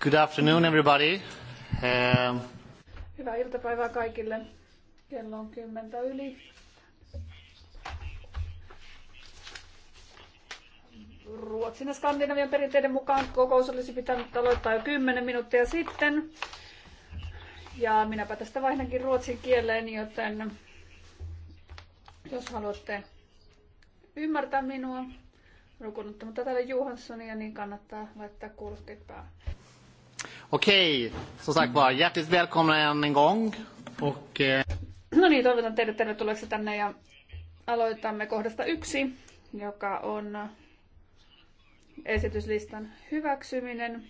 Good afternoon everybody. Um, Hyvää iltapäivää kaikille. Kello on kymmentä yli. Ruotsin ja Skandinavian perinteiden mukaan kokous olisi pitänyt aloittaa jo kymmenen minuuttia sitten. Ja minäpä tästä vaihdankin ruotsin kieleen, joten jos haluatte ymmärtää minua, lukunottamatta täällä Johanssonia, niin kannattaa laittaa kuulokkeet päälle. Okei, som sagt var, hjärtligt välkomna än en gång. Och, eh... No niin, toivotan teidät tervetulleeksi tänne ja aloitamme kohdasta yksi, joka on esityslistan hyväksyminen.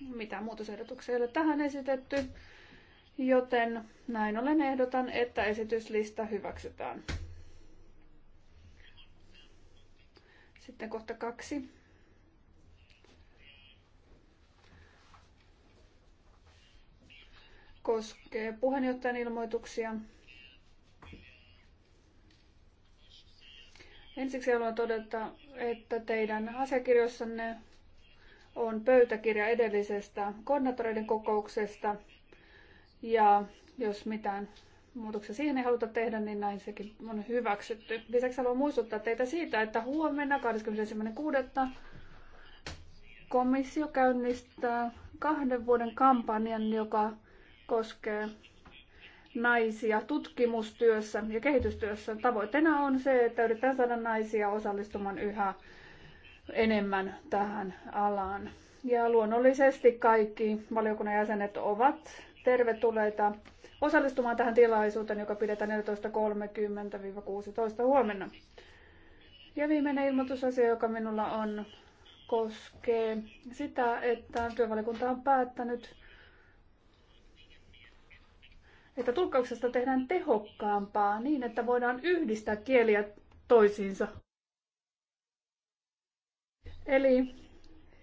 Mitä muutosehdotuksia ei ole tähän esitetty, joten näin ollen ehdotan, että esityslista hyväksytään. Sitten kohta kaksi. koskee puheenjohtajan ilmoituksia. Ensiksi haluan todeta, että teidän asiakirjoissanne on pöytäkirja edellisestä koordinaattoreiden kokouksesta. Ja jos mitään muutoksia siihen ei haluta tehdä, niin näin sekin on hyväksytty. Lisäksi haluan muistuttaa teitä siitä, että huomenna 21.6. komissio käynnistää kahden vuoden kampanjan, joka koskee naisia tutkimustyössä ja kehitystyössä. Tavoitteena on se, että yritetään saada naisia osallistumaan yhä enemmän tähän alaan. Ja luonnollisesti kaikki valiokunnan jäsenet ovat tervetulleita osallistumaan tähän tilaisuuteen, joka pidetään 14.30-16 huomenna. Ja viimeinen ilmoitusasia, joka minulla on, koskee sitä, että työvaliokunta on päättänyt että tulkkauksesta tehdään tehokkaampaa niin, että voidaan yhdistää kieliä toisiinsa. Eli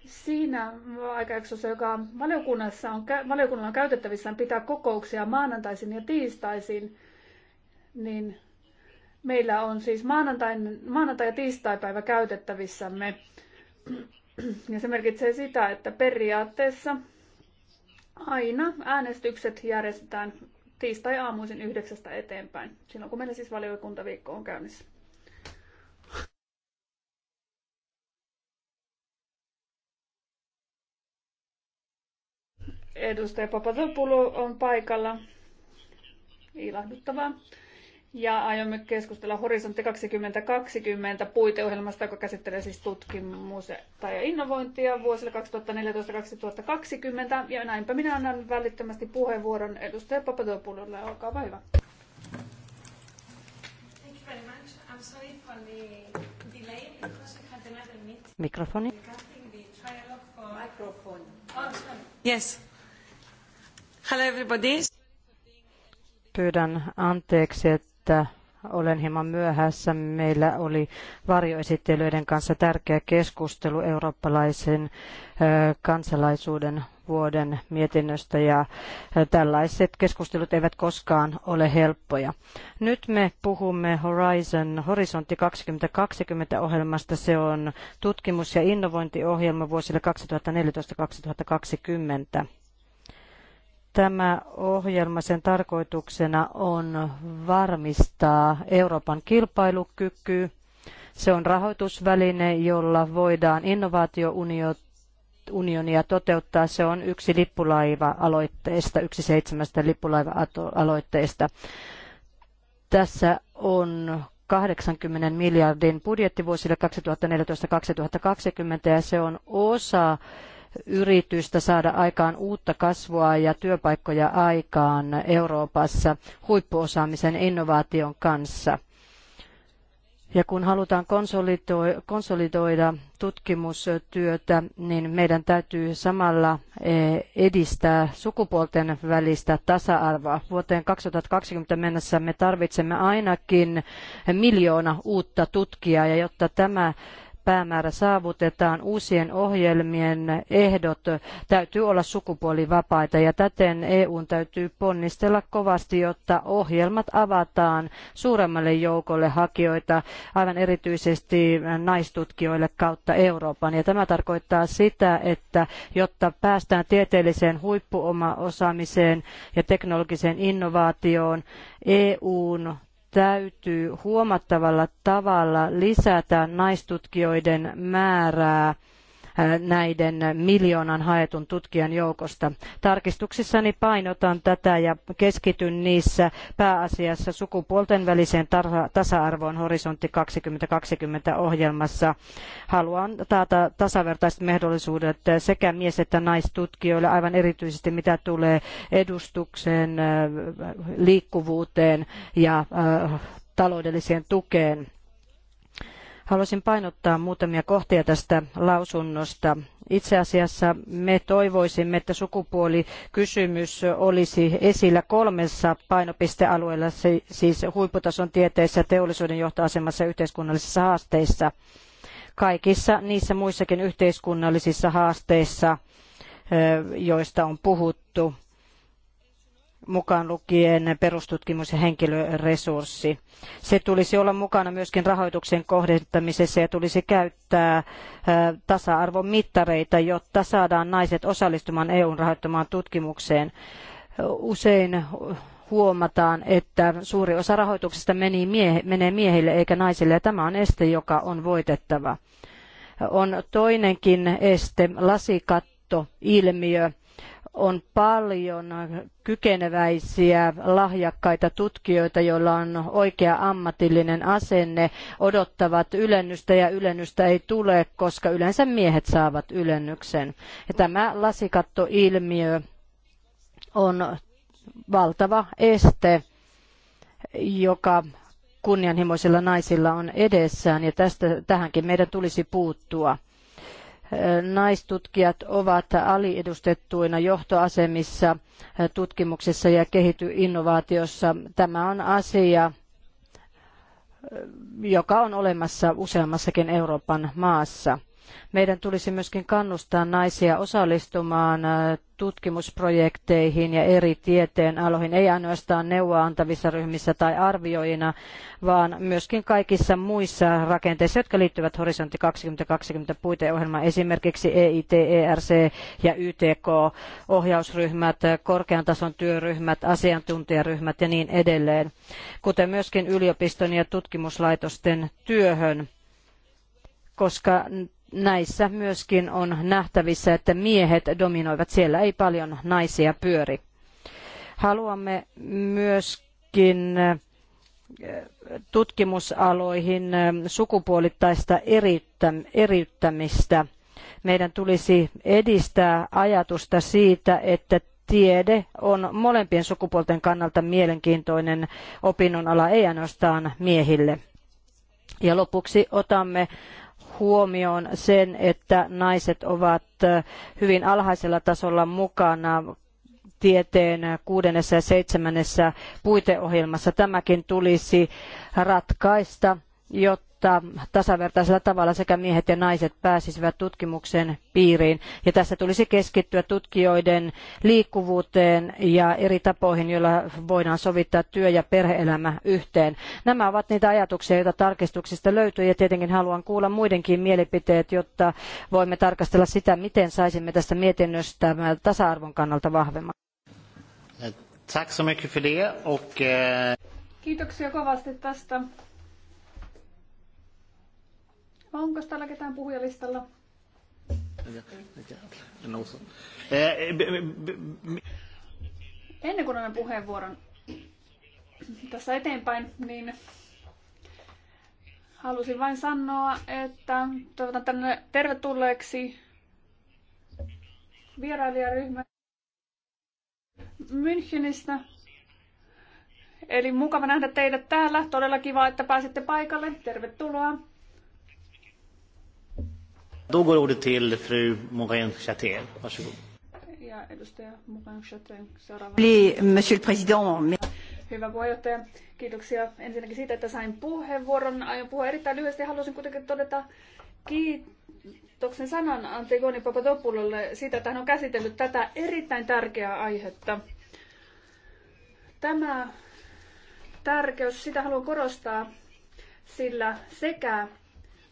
siinä aikajaksossa, joka valiokunnassa on, valiokunnalla on käytettävissään pitää kokouksia maanantaisin ja tiistaisin, niin meillä on siis maanantai, maanantai- ja tiistaipäivä käytettävissämme. Ja se merkitsee sitä, että periaatteessa aina äänestykset järjestetään tiistai-aamuisin yhdeksästä eteenpäin, silloin kun meillä siis valiokuntaviikko on käynnissä. Edustaja Papatopulu on paikalla. Ilahduttavaa. Ja aiomme keskustella Horisontti 2020 puiteohjelmasta, joka käsittelee siis tutkimusta ja innovointia vuosille 2014-2020. Ja näinpä minä annan välittömästi puheenvuoron edustaja Papadopoulolle. Olkaa hyvä. Mikrofoni. Mikrofoni. Oh, yes. Hello everybody. Pyydän anteeksi, että että olen hieman myöhässä. Meillä oli varjoesittelyiden kanssa tärkeä keskustelu eurooppalaisen kansalaisuuden vuoden mietinnöstä ja tällaiset keskustelut eivät koskaan ole helppoja. Nyt me puhumme Horizon, Horisontti 2020 ohjelmasta. Se on tutkimus- ja innovointiohjelma vuosille 2014-2020. Tämä ohjelma, sen tarkoituksena on varmistaa Euroopan kilpailukyky. Se on rahoitusväline, jolla voidaan innovaatiounionia toteuttaa. Se on yksi lippulaiva-aloitteesta, yksi seitsemästä lippulaiva-aloitteesta. Tässä on 80 miljardin budjetti vuosille 2014-2020 ja se on osa yritystä saada aikaan uutta kasvua ja työpaikkoja aikaan Euroopassa huippuosaamisen innovaation kanssa. Ja kun halutaan konsolidoida tutkimustyötä, niin meidän täytyy samalla e, edistää sukupuolten välistä tasa-arvoa. Vuoteen 2020 mennessä me tarvitsemme ainakin miljoona uutta tutkijaa, ja jotta tämä päämäärä saavutetaan, uusien ohjelmien ehdot täytyy olla sukupuolivapaita ja täten EUn täytyy ponnistella kovasti, jotta ohjelmat avataan suuremmalle joukolle hakijoita, aivan erityisesti naistutkijoille kautta Euroopan. Ja tämä tarkoittaa sitä, että jotta päästään tieteelliseen huippuomaosaamiseen ja teknologiseen innovaatioon, EUn täytyy huomattavalla tavalla lisätä naistutkijoiden määrää näiden miljoonan haetun tutkijan joukosta. Tarkistuksissani painotan tätä ja keskityn niissä pääasiassa sukupuolten väliseen tasa-arvoon horisontti 2020 ohjelmassa. Haluan taata tasavertaiset mahdollisuudet sekä mies- että naistutkijoille, aivan erityisesti mitä tulee edustukseen, liikkuvuuteen ja taloudelliseen tukeen. Haluaisin painottaa muutamia kohtia tästä lausunnosta. Itse asiassa me toivoisimme, että sukupuolikysymys olisi esillä kolmessa painopistealueella, siis huipputason tieteissä, teollisuuden johtoasemassa ja yhteiskunnallisissa haasteissa. Kaikissa niissä muissakin yhteiskunnallisissa haasteissa, joista on puhuttu mukaan lukien perustutkimus ja henkilöresurssi. Se tulisi olla mukana myöskin rahoituksen kohdentamisessa ja tulisi käyttää äh, tasa-arvon mittareita, jotta saadaan naiset osallistumaan EUn rahoittamaan tutkimukseen. Usein huomataan, että suuri osa rahoituksesta meni miehe, menee miehille eikä naisille ja tämä on este, joka on voitettava. On toinenkin este, lasikatto, ilmiö on paljon kykeneväisiä, lahjakkaita tutkijoita, joilla on oikea ammatillinen asenne, odottavat ylennystä ja ylennystä ei tule, koska yleensä miehet saavat ylennyksen. Ja tämä lasikattoilmiö on valtava este, joka kunnianhimoisilla naisilla on edessään ja tästä, tähänkin meidän tulisi puuttua naistutkijat ovat aliedustettuina johtoasemissa tutkimuksessa ja kehityinnovaatiossa. Tämä on asia, joka on olemassa useammassakin Euroopan maassa. Meidän tulisi myöskin kannustaa naisia osallistumaan äh, tutkimusprojekteihin ja eri tieteenaloihin, ei ainoastaan neuvoa antavissa ryhmissä tai arvioina, vaan myöskin kaikissa muissa rakenteissa, jotka liittyvät Horisontti 2020 puiteohjelmaan, esimerkiksi EIT, ERC ja YTK, ohjausryhmät, korkean tason työryhmät, asiantuntijaryhmät ja niin edelleen, kuten myöskin yliopiston ja tutkimuslaitosten työhön koska näissä myöskin on nähtävissä, että miehet dominoivat. Siellä ei paljon naisia pyöri. Haluamme myöskin eh, tutkimusaloihin eh, sukupuolittaista eriyttämistä. Meidän tulisi edistää ajatusta siitä, että tiede on molempien sukupuolten kannalta mielenkiintoinen opinnonala, ei ainoastaan miehille. Ja lopuksi otamme huomioon sen, että naiset ovat hyvin alhaisella tasolla mukana tieteen kuudennessa ja seitsemännessä puiteohjelmassa. Tämäkin tulisi ratkaista, jotta jotta tasavertaisella tavalla sekä miehet ja naiset pääsisivät tutkimuksen piiriin. Ja tässä tulisi keskittyä tutkijoiden liikkuvuuteen ja eri tapoihin, joilla voidaan sovittaa työ- ja perheelämä yhteen. Nämä ovat niitä ajatuksia, joita tarkistuksista löytyy ja tietenkin haluan kuulla muidenkin mielipiteet, jotta voimme tarkastella sitä, miten saisimme tästä mietinnöstä tasa-arvon kannalta vahvemman. Tack så mycket för det. Och, eh, Kiitoksia kovasti tästä. Onko täällä ketään puhujalistalla? Ennen kuin annan puheenvuoron tässä eteenpäin, niin halusin vain sanoa, että toivotan tänne tervetulleeksi vierailijaryhmä Münchenistä. Eli mukava nähdä teidät täällä. Todella kiva, että pääsitte paikalle. Tervetuloa. Då går ordet till fru Morin Chatel. Varsågod. Ja, edustaja Morin Chatel, seuraava. Monsieur le Président. Hyvä puheenjohtaja. Kiitoksia ensinnäkin siitä, että sain puheenvuoron. Aion puhua erittäin lyhyesti. Haluaisin kuitenkin todeta kiitoksen sanan Antigoni Papadopoulolle siitä, että hän on käsitellyt tätä erittäin tärkeää aihetta. Tämä tärkeys, sitä haluan korostaa, sillä sekä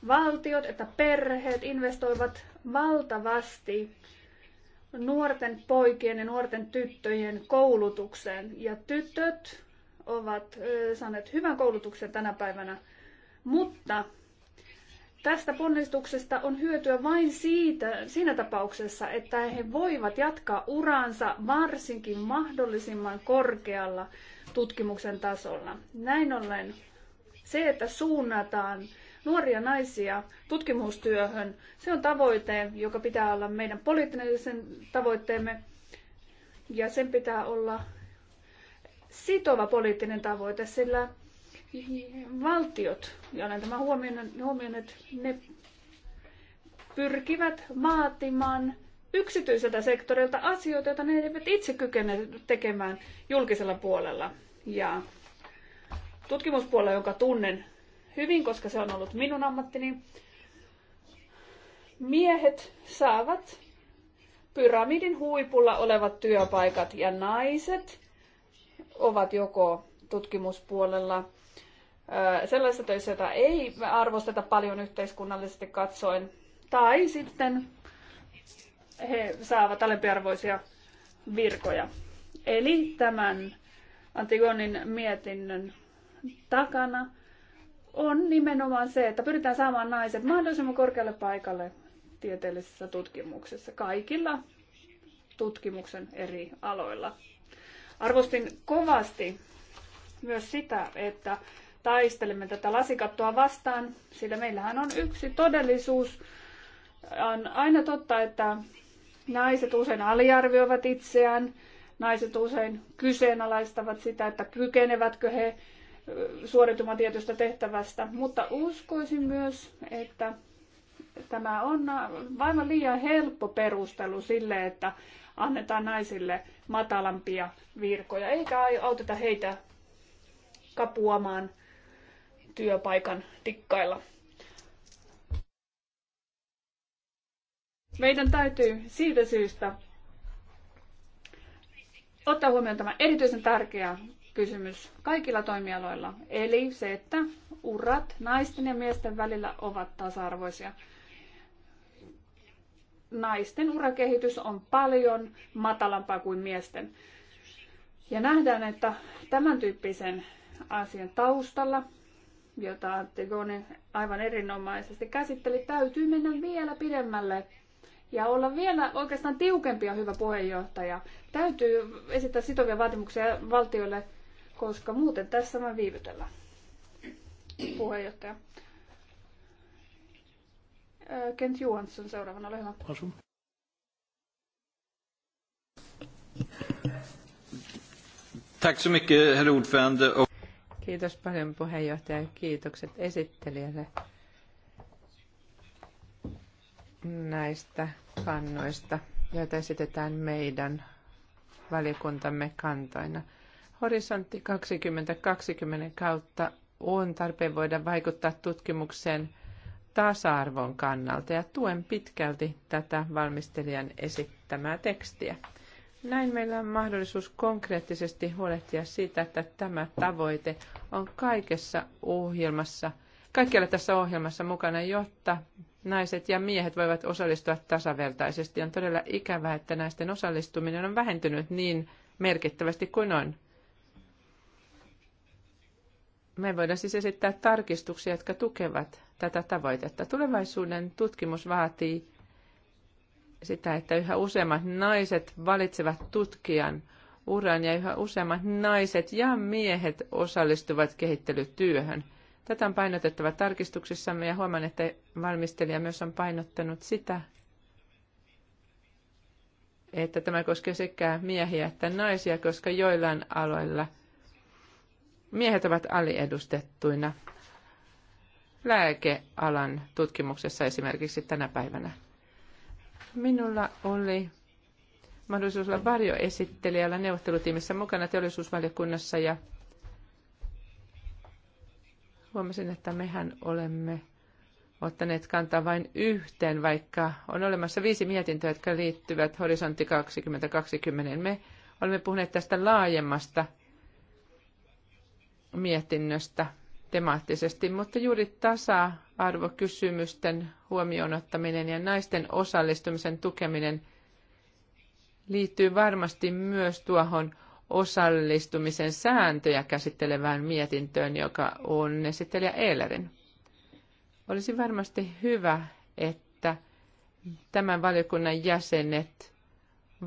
valtiot että perheet investoivat valtavasti nuorten poikien ja nuorten tyttöjen koulutukseen. Ja tytöt ovat saaneet hyvän koulutuksen tänä päivänä, mutta tästä ponnistuksesta on hyötyä vain siitä, siinä tapauksessa, että he voivat jatkaa uraansa varsinkin mahdollisimman korkealla tutkimuksen tasolla. Näin ollen se, että suunnataan nuoria naisia tutkimustyöhön. Se on tavoite, joka pitää olla meidän poliittinen tavoitteemme ja sen pitää olla sitova poliittinen tavoite, sillä valtiot, ja olen tämä että ne pyrkivät vaatimaan yksityiseltä sektorilta asioita, joita ne eivät itse kykene tekemään julkisella puolella. Ja tutkimuspuolella, jonka tunnen hyvin, koska se on ollut minun ammattini. Miehet saavat pyramidin huipulla olevat työpaikat ja naiset ovat joko tutkimuspuolella sellaisissa töissä, joita ei arvosteta paljon yhteiskunnallisesti katsoen, tai sitten he saavat alempiarvoisia virkoja. Eli tämän Antigonin mietinnön takana on nimenomaan se, että pyritään saamaan naiset mahdollisimman korkealle paikalle tieteellisessä tutkimuksessa kaikilla tutkimuksen eri aloilla. Arvostin kovasti myös sitä, että taistelemme tätä lasikattoa vastaan, sillä meillähän on yksi todellisuus. On aina totta, että naiset usein aliarvioivat itseään, naiset usein kyseenalaistavat sitä, että kykenevätkö he suoritumaan tietystä tehtävästä, mutta uskoisin myös, että tämä on aivan liian helppo perustelu sille, että annetaan naisille matalampia virkoja, eikä auteta heitä kapuamaan työpaikan tikkailla. Meidän täytyy siitä syystä ottaa huomioon tämä erityisen tärkeä kysymys kaikilla toimialoilla. Eli se, että urat naisten ja miesten välillä ovat tasa-arvoisia. Naisten urakehitys on paljon matalampaa kuin miesten. Ja nähdään, että tämän tyyppisen asian taustalla, jota Antigone aivan erinomaisesti käsitteli, täytyy mennä vielä pidemmälle ja olla vielä oikeastaan tiukempia hyvä puheenjohtaja. Täytyy esittää sitovia vaatimuksia valtioille koska muuten tässä mä viivytellään. Puheenjohtaja. Kent Johansson seuraavana, ole hyvä. Asun. Tack så mycket, herr ordförande. Kiitos paljon puheenjohtaja. Kiitokset esittelijälle näistä kannoista, joita esitetään meidän valiokuntamme kantoina. Horisontti 2020 kautta on tarpeen voida vaikuttaa tutkimukseen tasa-arvon kannalta ja tuen pitkälti tätä valmistelijan esittämää tekstiä. Näin meillä on mahdollisuus konkreettisesti huolehtia siitä, että tämä tavoite on kaikessa ohjelmassa, kaikkialla tässä ohjelmassa mukana, jotta naiset ja miehet voivat osallistua tasavertaisesti. On todella ikävää, että naisten osallistuminen on vähentynyt niin merkittävästi kuin on me voidaan siis esittää tarkistuksia, jotka tukevat tätä tavoitetta. Tulevaisuuden tutkimus vaatii sitä, että yhä useammat naiset valitsevat tutkijan uran ja yhä useammat naiset ja miehet osallistuvat kehittelytyöhön. Tätä on painotettava tarkistuksissamme ja huomaan, että valmistelija myös on painottanut sitä, että tämä koskee sekä miehiä että naisia, koska joillain aloilla – Miehet ovat aliedustettuina lääkealan tutkimuksessa esimerkiksi tänä päivänä. Minulla oli mahdollisuus olla varjoesittelijällä neuvottelutiimissä mukana teollisuusvaliokunnassa ja huomasin, että mehän olemme ottaneet kantaa vain yhteen, vaikka on olemassa viisi mietintöä, jotka liittyvät Horisontti 2020. Me olemme puhuneet tästä laajemmasta mietinnöstä temaattisesti, mutta juuri tasa-arvokysymysten huomioon ottaminen ja naisten osallistumisen tukeminen liittyy varmasti myös tuohon osallistumisen sääntöjä käsittelevään mietintöön, joka on esittelijä Eilerin. Olisi varmasti hyvä, että tämän valiokunnan jäsenet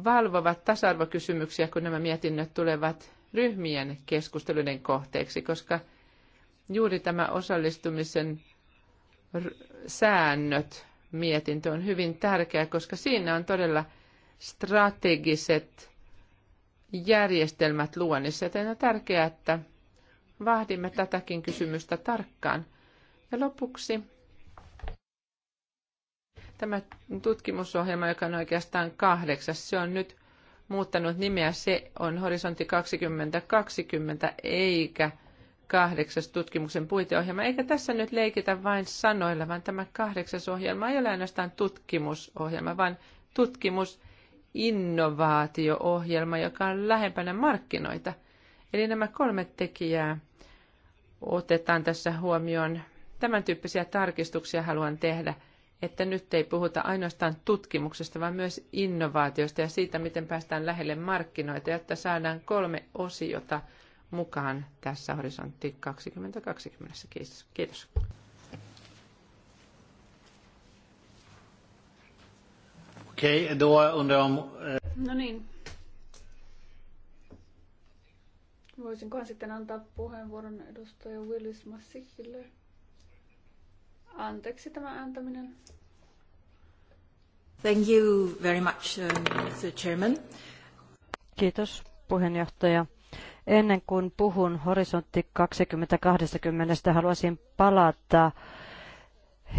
valvovat tasa-arvokysymyksiä, kun nämä mietinnöt tulevat ryhmien keskusteluiden kohteeksi, koska juuri tämä osallistumisen säännöt mietintö on hyvin tärkeä, koska siinä on todella strategiset järjestelmät luonnissa. Joten on tärkeää, että vahdimme tätäkin kysymystä tarkkaan. Ja lopuksi tämä tutkimusohjelma, joka on oikeastaan kahdeksas, se on nyt muuttanut nimeä, se on Horisontti 2020 eikä kahdeksas tutkimuksen puiteohjelma. Eikä tässä nyt leikitä vain sanoilla, vaan tämä kahdeksas ohjelma ei ole ainoastaan tutkimusohjelma, vaan tutkimus innovaatio-ohjelma, joka on lähempänä markkinoita. Eli nämä kolme tekijää otetaan tässä huomioon. Tämän tyyppisiä tarkistuksia haluan tehdä – että nyt ei puhuta ainoastaan tutkimuksesta, vaan myös innovaatiosta ja siitä, miten päästään lähelle markkinoita, jotta saadaan kolme osiota mukaan tässä horisontti 2020. Kiitos. Kiitos. Okei, okay, då undrar om... Eh, no niin. Voisinkohan sitten antaa puheenvuoron edustaja Willis Massikille. Anteeksi tämä antaminen. Thank you very much, Mr. Um, Chairman. Kiitos puheenjohtaja. Ennen kuin puhun horisontti 2020, haluaisin palata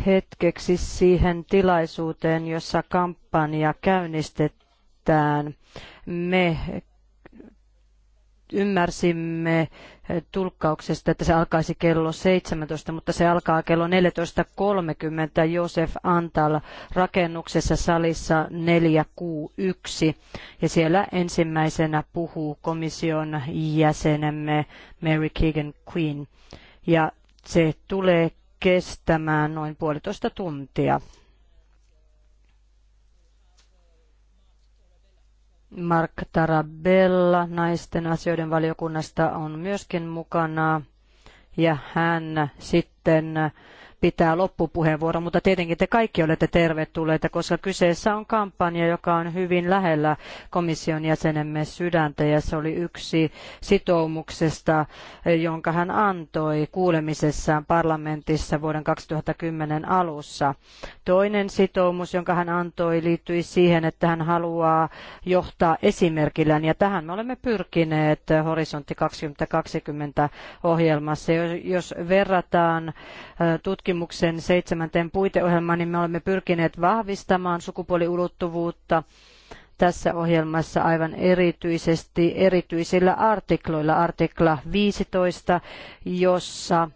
hetkeksi siihen tilaisuuteen, jossa kampanja käynnistetään. Me ymmärsimme tulkkauksesta, että se alkaisi kello 17, mutta se alkaa kello 14.30 Josef Antal rakennuksessa salissa 4 Ja siellä ensimmäisenä puhuu komission jäsenemme Mary Keegan Queen. Ja se tulee kestämään noin puolitoista tuntia. Mark Tarabella naisten asioiden valiokunnasta on myöskin mukana ja hän sitten pitää loppupuheenvuoron, mutta tietenkin te kaikki olette tervetulleita, koska kyseessä on kampanja, joka on hyvin lähellä komission jäsenemme sydäntä ja se oli yksi sitoumuksesta, jonka hän antoi kuulemisessaan parlamentissa vuoden 2010 alussa. Toinen sitoumus, jonka hän antoi, liittyi siihen, että hän haluaa johtaa esimerkillään ja tähän me olemme pyrkineet Horisontti 2020 ohjelmassa. Jos verrataan äh, tutkimuksiin, tutkimuksen seitsemänteen puiteohjelmaan, niin me olemme pyrkineet vahvistamaan sukupuoliulottuvuutta tässä ohjelmassa aivan erityisesti erityisillä artikloilla. Artikla 15, jossa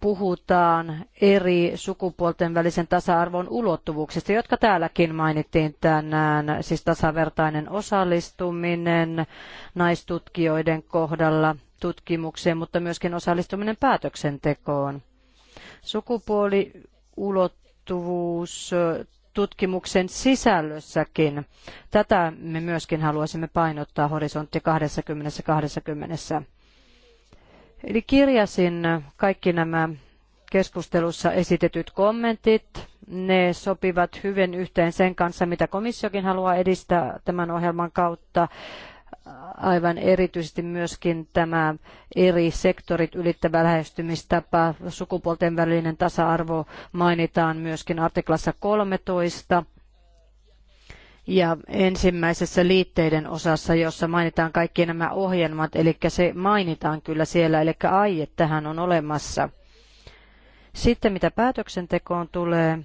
puhutaan eri sukupuolten välisen tasa-arvon ulottuvuuksista, jotka täälläkin mainittiin tänään, siis tasavertainen osallistuminen naistutkijoiden kohdalla – tutkimukseen, mutta myöskin osallistuminen päätöksentekoon. Sukupuoliulottuvuus tutkimuksen sisällössäkin. Tätä me myöskin haluaisimme painottaa horisontti 2020. Eli kirjasin kaikki nämä keskustelussa esitetyt kommentit. Ne sopivat hyvin yhteen sen kanssa, mitä komissiokin haluaa edistää tämän ohjelman kautta aivan erityisesti myöskin tämä eri sektorit ylittävä lähestymistapa, sukupuolten välinen tasa-arvo mainitaan myöskin artiklassa 13 ja ensimmäisessä liitteiden osassa, jossa mainitaan kaikki nämä ohjelmat, eli se mainitaan kyllä siellä, eli aie tähän on olemassa. Sitten mitä päätöksentekoon tulee,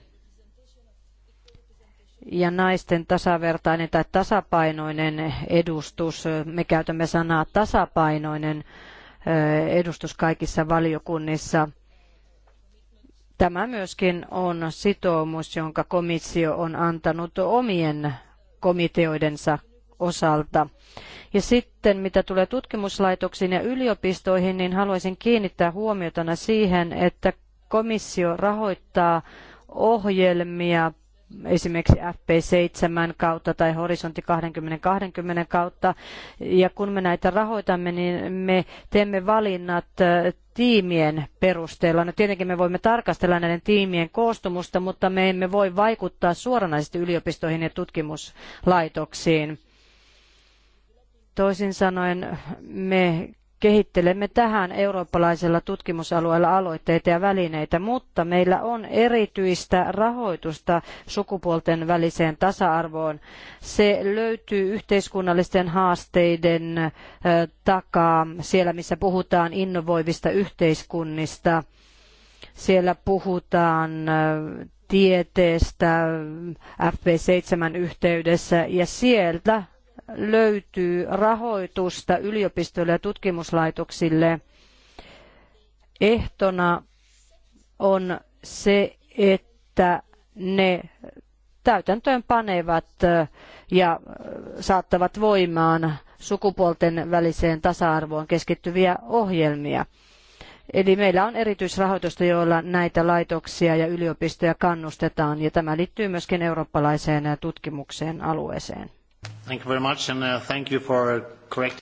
ja naisten tasavertainen tai tasapainoinen edustus. Me käytämme sanaa tasapainoinen edustus kaikissa valiokunnissa. Tämä myöskin on sitoumus, jonka komissio on antanut omien komiteoidensa osalta. Ja sitten mitä tulee tutkimuslaitoksiin ja yliopistoihin, niin haluaisin kiinnittää huomiotana siihen, että komissio rahoittaa ohjelmia esimerkiksi FP7 kautta tai Horisontti 2020 kautta. Ja kun me näitä rahoitamme, niin me teemme valinnat tiimien perusteella. No tietenkin me voimme tarkastella näiden tiimien koostumusta, mutta me emme voi vaikuttaa suoranaisesti yliopistoihin ja tutkimuslaitoksiin. Toisin sanoen me kehittelemme tähän eurooppalaisella tutkimusalueella aloitteita ja välineitä, mutta meillä on erityistä rahoitusta sukupuolten väliseen tasa-arvoon. Se löytyy yhteiskunnallisten haasteiden takaa, siellä missä puhutaan innovoivista yhteiskunnista. Siellä puhutaan tieteestä FP7 yhteydessä ja sieltä löytyy rahoitusta yliopistoille ja tutkimuslaitoksille, ehtona on se, että ne täytäntöön panevat ja saattavat voimaan sukupuolten väliseen tasa-arvoon keskittyviä ohjelmia. Eli meillä on erityisrahoitusta, joilla näitä laitoksia ja yliopistoja kannustetaan, ja tämä liittyy myöskin eurooppalaiseen tutkimukseen alueeseen. Thank you very much and uh, thank you for correct...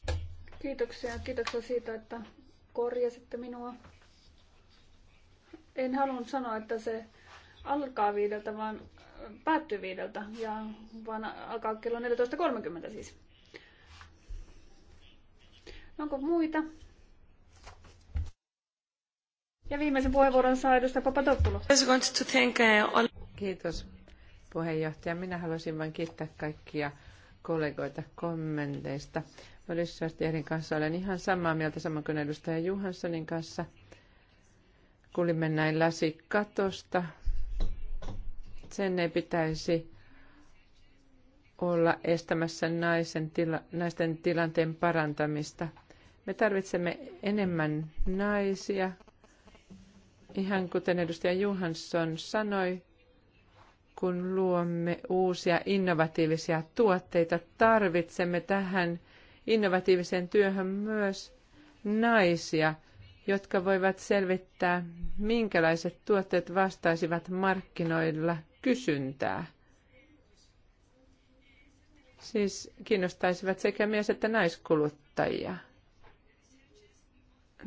Kiitoksia, kiitoksia siitä, että korjasitte minua. En halunnut sanoa, että se alkaa viideltä, vaan päättyy viideltä, ja vaan alkaa kello 14.30 siis. No, onko muita? Ja viimeisen puheenvuoron saa edustaja Papatopoulos. Uh, Kiitos puheenjohtaja. Minä haluaisin vain kiittää kaikkia kollegoita kommenteista. Marissa Stierin kanssa olen ihan samaa mieltä, sama kuin edustaja Juhanssonin kanssa. Kuulimme näin lasikatosta. Sen ei pitäisi olla estämässä naisen tila, naisten tilanteen parantamista. Me tarvitsemme enemmän naisia, ihan kuten edustaja Juhansson sanoi, kun luomme uusia innovatiivisia tuotteita, tarvitsemme tähän innovatiiviseen työhön myös naisia, jotka voivat selvittää, minkälaiset tuotteet vastaisivat markkinoilla kysyntää. Siis kiinnostaisivat sekä mies- että naiskuluttajia.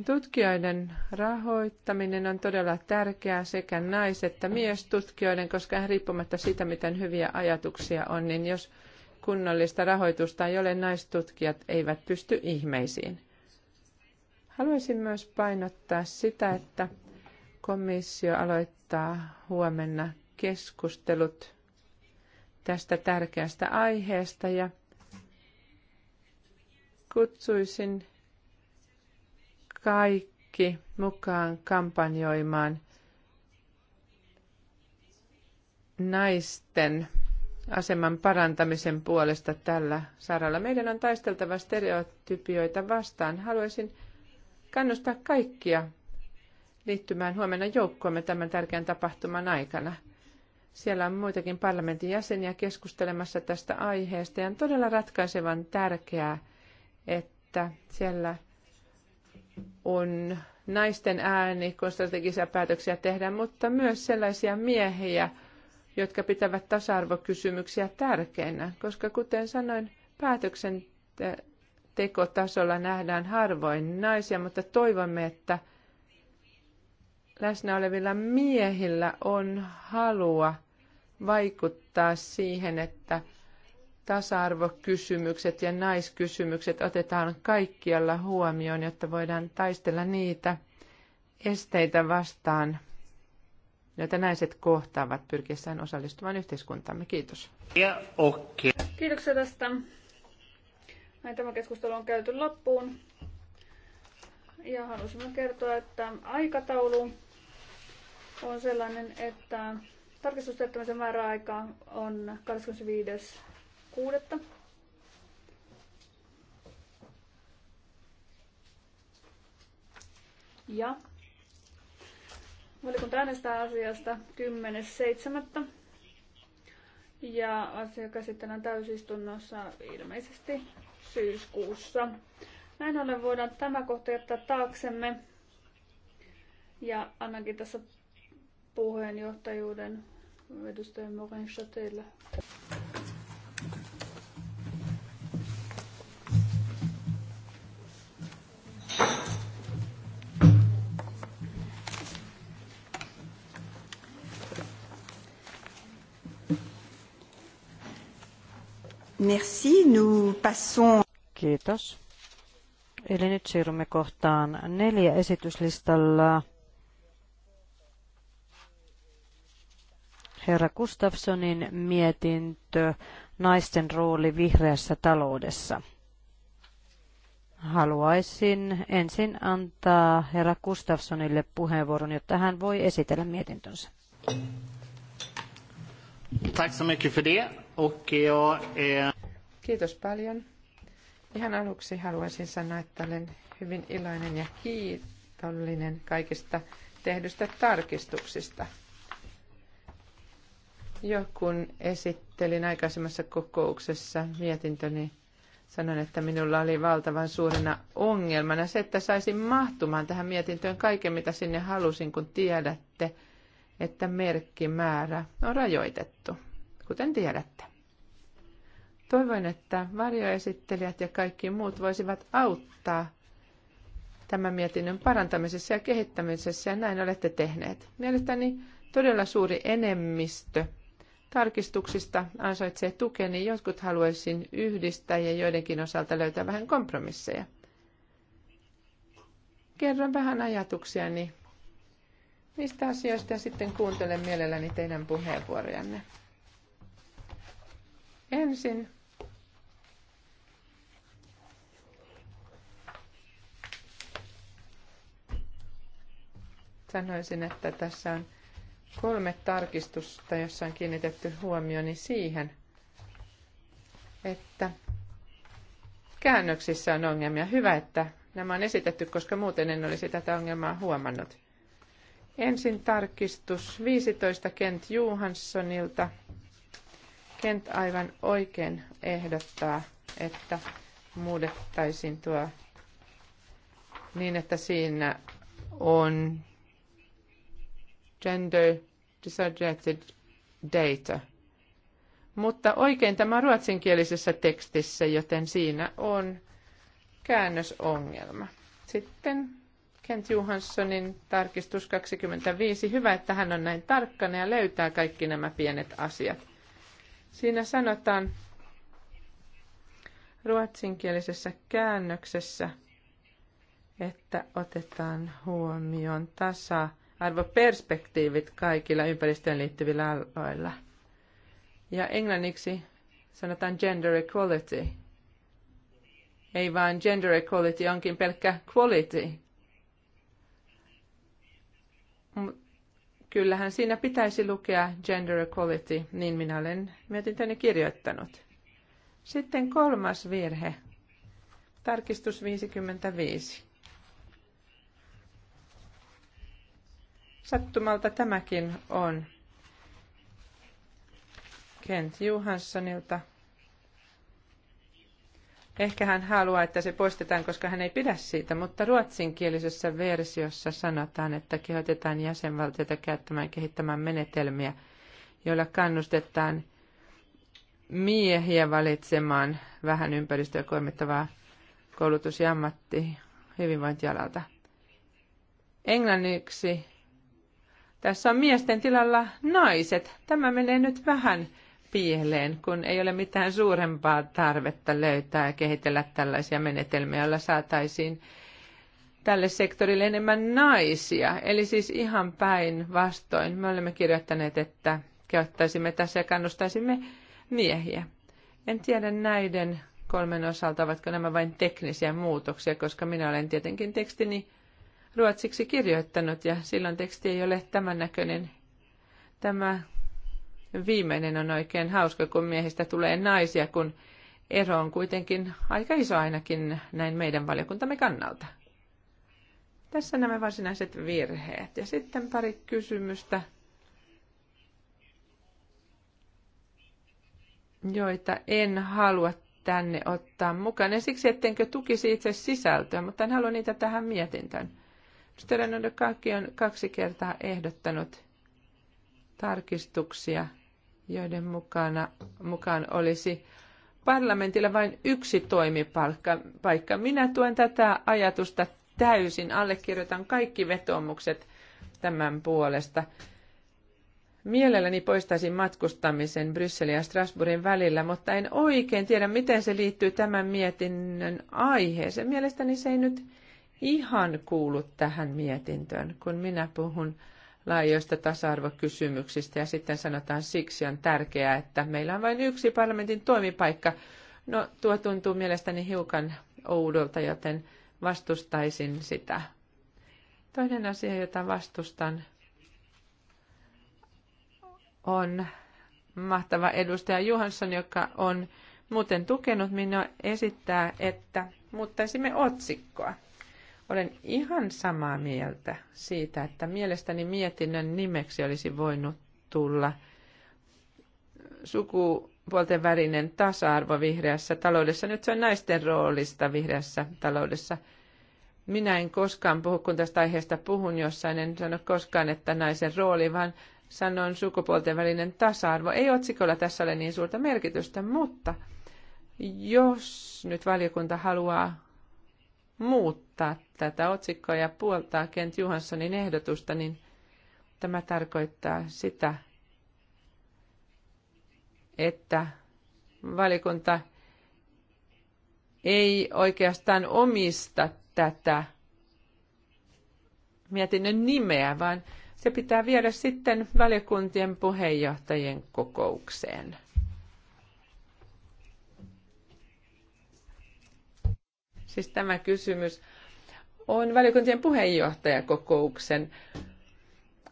Tutkijoiden rahoittaminen on todella tärkeää sekä nais- että miestutkijoiden, koska riippumatta siitä, miten hyviä ajatuksia on, niin jos kunnollista rahoitusta ei ole, naistutkijat eivät pysty ihmeisiin. Haluaisin myös painottaa sitä, että komissio aloittaa huomenna keskustelut tästä tärkeästä aiheesta ja kutsuisin kaikki mukaan kampanjoimaan naisten aseman parantamisen puolesta tällä saralla. Meidän on taisteltava stereotypioita vastaan. Haluaisin kannustaa kaikkia liittymään huomenna joukkoomme tämän tärkeän tapahtuman aikana. Siellä on muitakin parlamentin jäseniä keskustelemassa tästä aiheesta ja on todella ratkaisevan tärkeää, että siellä on naisten ääni, kun strategisia päätöksiä tehdään, mutta myös sellaisia miehiä, jotka pitävät tasa-arvokysymyksiä tärkeinä, koska kuten sanoin, päätöksentekotasolla nähdään harvoin naisia, mutta toivomme, että läsnä olevilla miehillä on halua vaikuttaa siihen, että – tasa-arvokysymykset ja naiskysymykset otetaan kaikkialla huomioon, jotta voidaan taistella niitä esteitä vastaan, joita naiset kohtaavat pyrkiessään osallistumaan yhteiskuntamme. Kiitos. Ja, okay. Kiitoksia tästä. Näin tämä keskustelu on käyty loppuun. Ja halusin kertoa, että aikataulu on sellainen, että tarkistustehtävän määräaika on 25 kuudetta. Ja valiokunta äänestää asiasta 10.7. Ja asia käsitellään täysistunnossa ilmeisesti syyskuussa. Näin ollen voidaan tämä kohta jättää taaksemme. Ja annankin tässä puheenjohtajuuden edustaja Morin Chatelle. Merci, nous passons. Kiitos. Eli nyt siirrymme kohtaan neljä esityslistalla. Herra Gustafssonin mietintö Naisten rooli vihreässä taloudessa. Haluaisin ensin antaa herra Gustafssonille puheenvuoron, jotta hän voi esitellä mietintönsä. Mm. Tack så mycket för det. Och jag är... Kiitos paljon. Ihan aluksi haluaisin sanoa, että olen hyvin iloinen ja kiitollinen kaikista tehdystä tarkistuksista. Jo kun esittelin aikaisemmassa kokouksessa mietintöni, sanoin, että minulla oli valtavan suurena ongelmana se, että saisin mahtumaan tähän mietintöön kaiken, mitä sinne halusin, kun tiedätte, että merkkimäärä on rajoitettu, kuten tiedätte. Toivon, että varjoesittelijät ja kaikki muut voisivat auttaa tämän mietinnön parantamisessa ja kehittämisessä, ja näin olette tehneet. Mielestäni todella suuri enemmistö tarkistuksista ansaitsee tukeni, niin jotkut haluaisin yhdistää ja joidenkin osalta löytää vähän kompromisseja. Kerron vähän ajatuksiani niistä asioista ja sitten kuuntelen mielelläni teidän puheenvuorojanne. Ensin sanoisin, että tässä on kolme tarkistusta, jossa on kiinnitetty huomioni siihen, että käännöksissä on ongelmia. Hyvä, että nämä on esitetty, koska muuten en olisi tätä ongelmaa huomannut. Ensin tarkistus 15 Kent Johanssonilta. Kent aivan oikein ehdottaa, että muudettaisiin tuo niin, että siinä on gender disaggregated data. Mutta oikein tämä ruotsinkielisessä tekstissä, joten siinä on käännösongelma. Sitten Kent Johanssonin tarkistus 25. Hyvä, että hän on näin tarkkana ja löytää kaikki nämä pienet asiat. Siinä sanotaan ruotsinkielisessä käännöksessä, että otetaan huomioon tasa-arvoperspektiivit kaikilla ympäristöön liittyvillä aloilla. Ja englanniksi sanotaan gender equality. Ei vaan gender equality onkin pelkkä quality, kyllähän siinä pitäisi lukea gender equality, niin minä olen mietintäni kirjoittanut. Sitten kolmas virhe, tarkistus 55. Sattumalta tämäkin on Kent Johanssonilta Ehkä hän haluaa, että se poistetaan, koska hän ei pidä siitä, mutta ruotsinkielisessä versiossa sanotaan, että kehotetaan jäsenvaltioita käyttämään kehittämään menetelmiä, joilla kannustetaan miehiä valitsemaan vähän ympäristöä kuormittavaa koulutus- ja ammatti hyvinvointialalta. Englanniksi tässä on miesten tilalla naiset. Tämä menee nyt vähän pieleen, kun ei ole mitään suurempaa tarvetta löytää ja kehitellä tällaisia menetelmiä, joilla saataisiin tälle sektorille enemmän naisia. Eli siis ihan päin vastoin. Me olemme kirjoittaneet, että kehottaisimme tässä ja kannustaisimme miehiä. En tiedä näiden kolmen osalta, ovatko nämä vain teknisiä muutoksia, koska minä olen tietenkin tekstini ruotsiksi kirjoittanut ja silloin teksti ei ole tämän näköinen. Tämä viimeinen on oikein hauska, kun miehistä tulee naisia, kun ero on kuitenkin aika iso ainakin näin meidän valiokuntamme kannalta. Tässä nämä varsinaiset virheet. Ja sitten pari kysymystä, joita en halua tänne ottaa mukaan. Ja siksi, ettenkö tukisi itse sisältöä, mutta en halua niitä tähän mietintään. Sitten on kaksi kertaa ehdottanut tarkistuksia, joiden mukana, mukaan olisi parlamentilla vain yksi toimipaikka. Minä tuen tätä ajatusta täysin, allekirjoitan kaikki vetomukset tämän puolesta. Mielelläni poistaisin matkustamisen Brysselin ja Strasbourgin välillä, mutta en oikein tiedä, miten se liittyy tämän mietinnön aiheeseen. Mielestäni se ei nyt ihan kuulu tähän mietintöön, kun minä puhun laajoista tasa-arvokysymyksistä ja sitten sanotaan siksi on tärkeää, että meillä on vain yksi parlamentin toimipaikka. No tuo tuntuu mielestäni hiukan oudolta, joten vastustaisin sitä. Toinen asia, jota vastustan, on mahtava edustaja Johansson, joka on muuten tukenut minua esittää, että muuttaisimme otsikkoa. Olen ihan samaa mieltä siitä, että mielestäni mietinnön nimeksi olisi voinut tulla sukupuolten värinen tasa-arvo vihreässä taloudessa. Nyt se on naisten roolista vihreässä taloudessa. Minä en koskaan puhu, kun tästä aiheesta puhun jossain, en sano koskaan, että naisen rooli, vaan sanon sukupuolten välinen tasa-arvo. Ei otsikolla tässä ole niin suurta merkitystä, mutta jos nyt valiokunta haluaa muuttaa tätä otsikkoa ja puoltaa Kent Johanssonin ehdotusta, niin tämä tarkoittaa sitä, että valikunta ei oikeastaan omista tätä mietinnön nimeä, vaan se pitää viedä sitten valiokuntien puheenjohtajien kokoukseen. Siis tämä kysymys on valiokuntien puheenjohtajakokouksen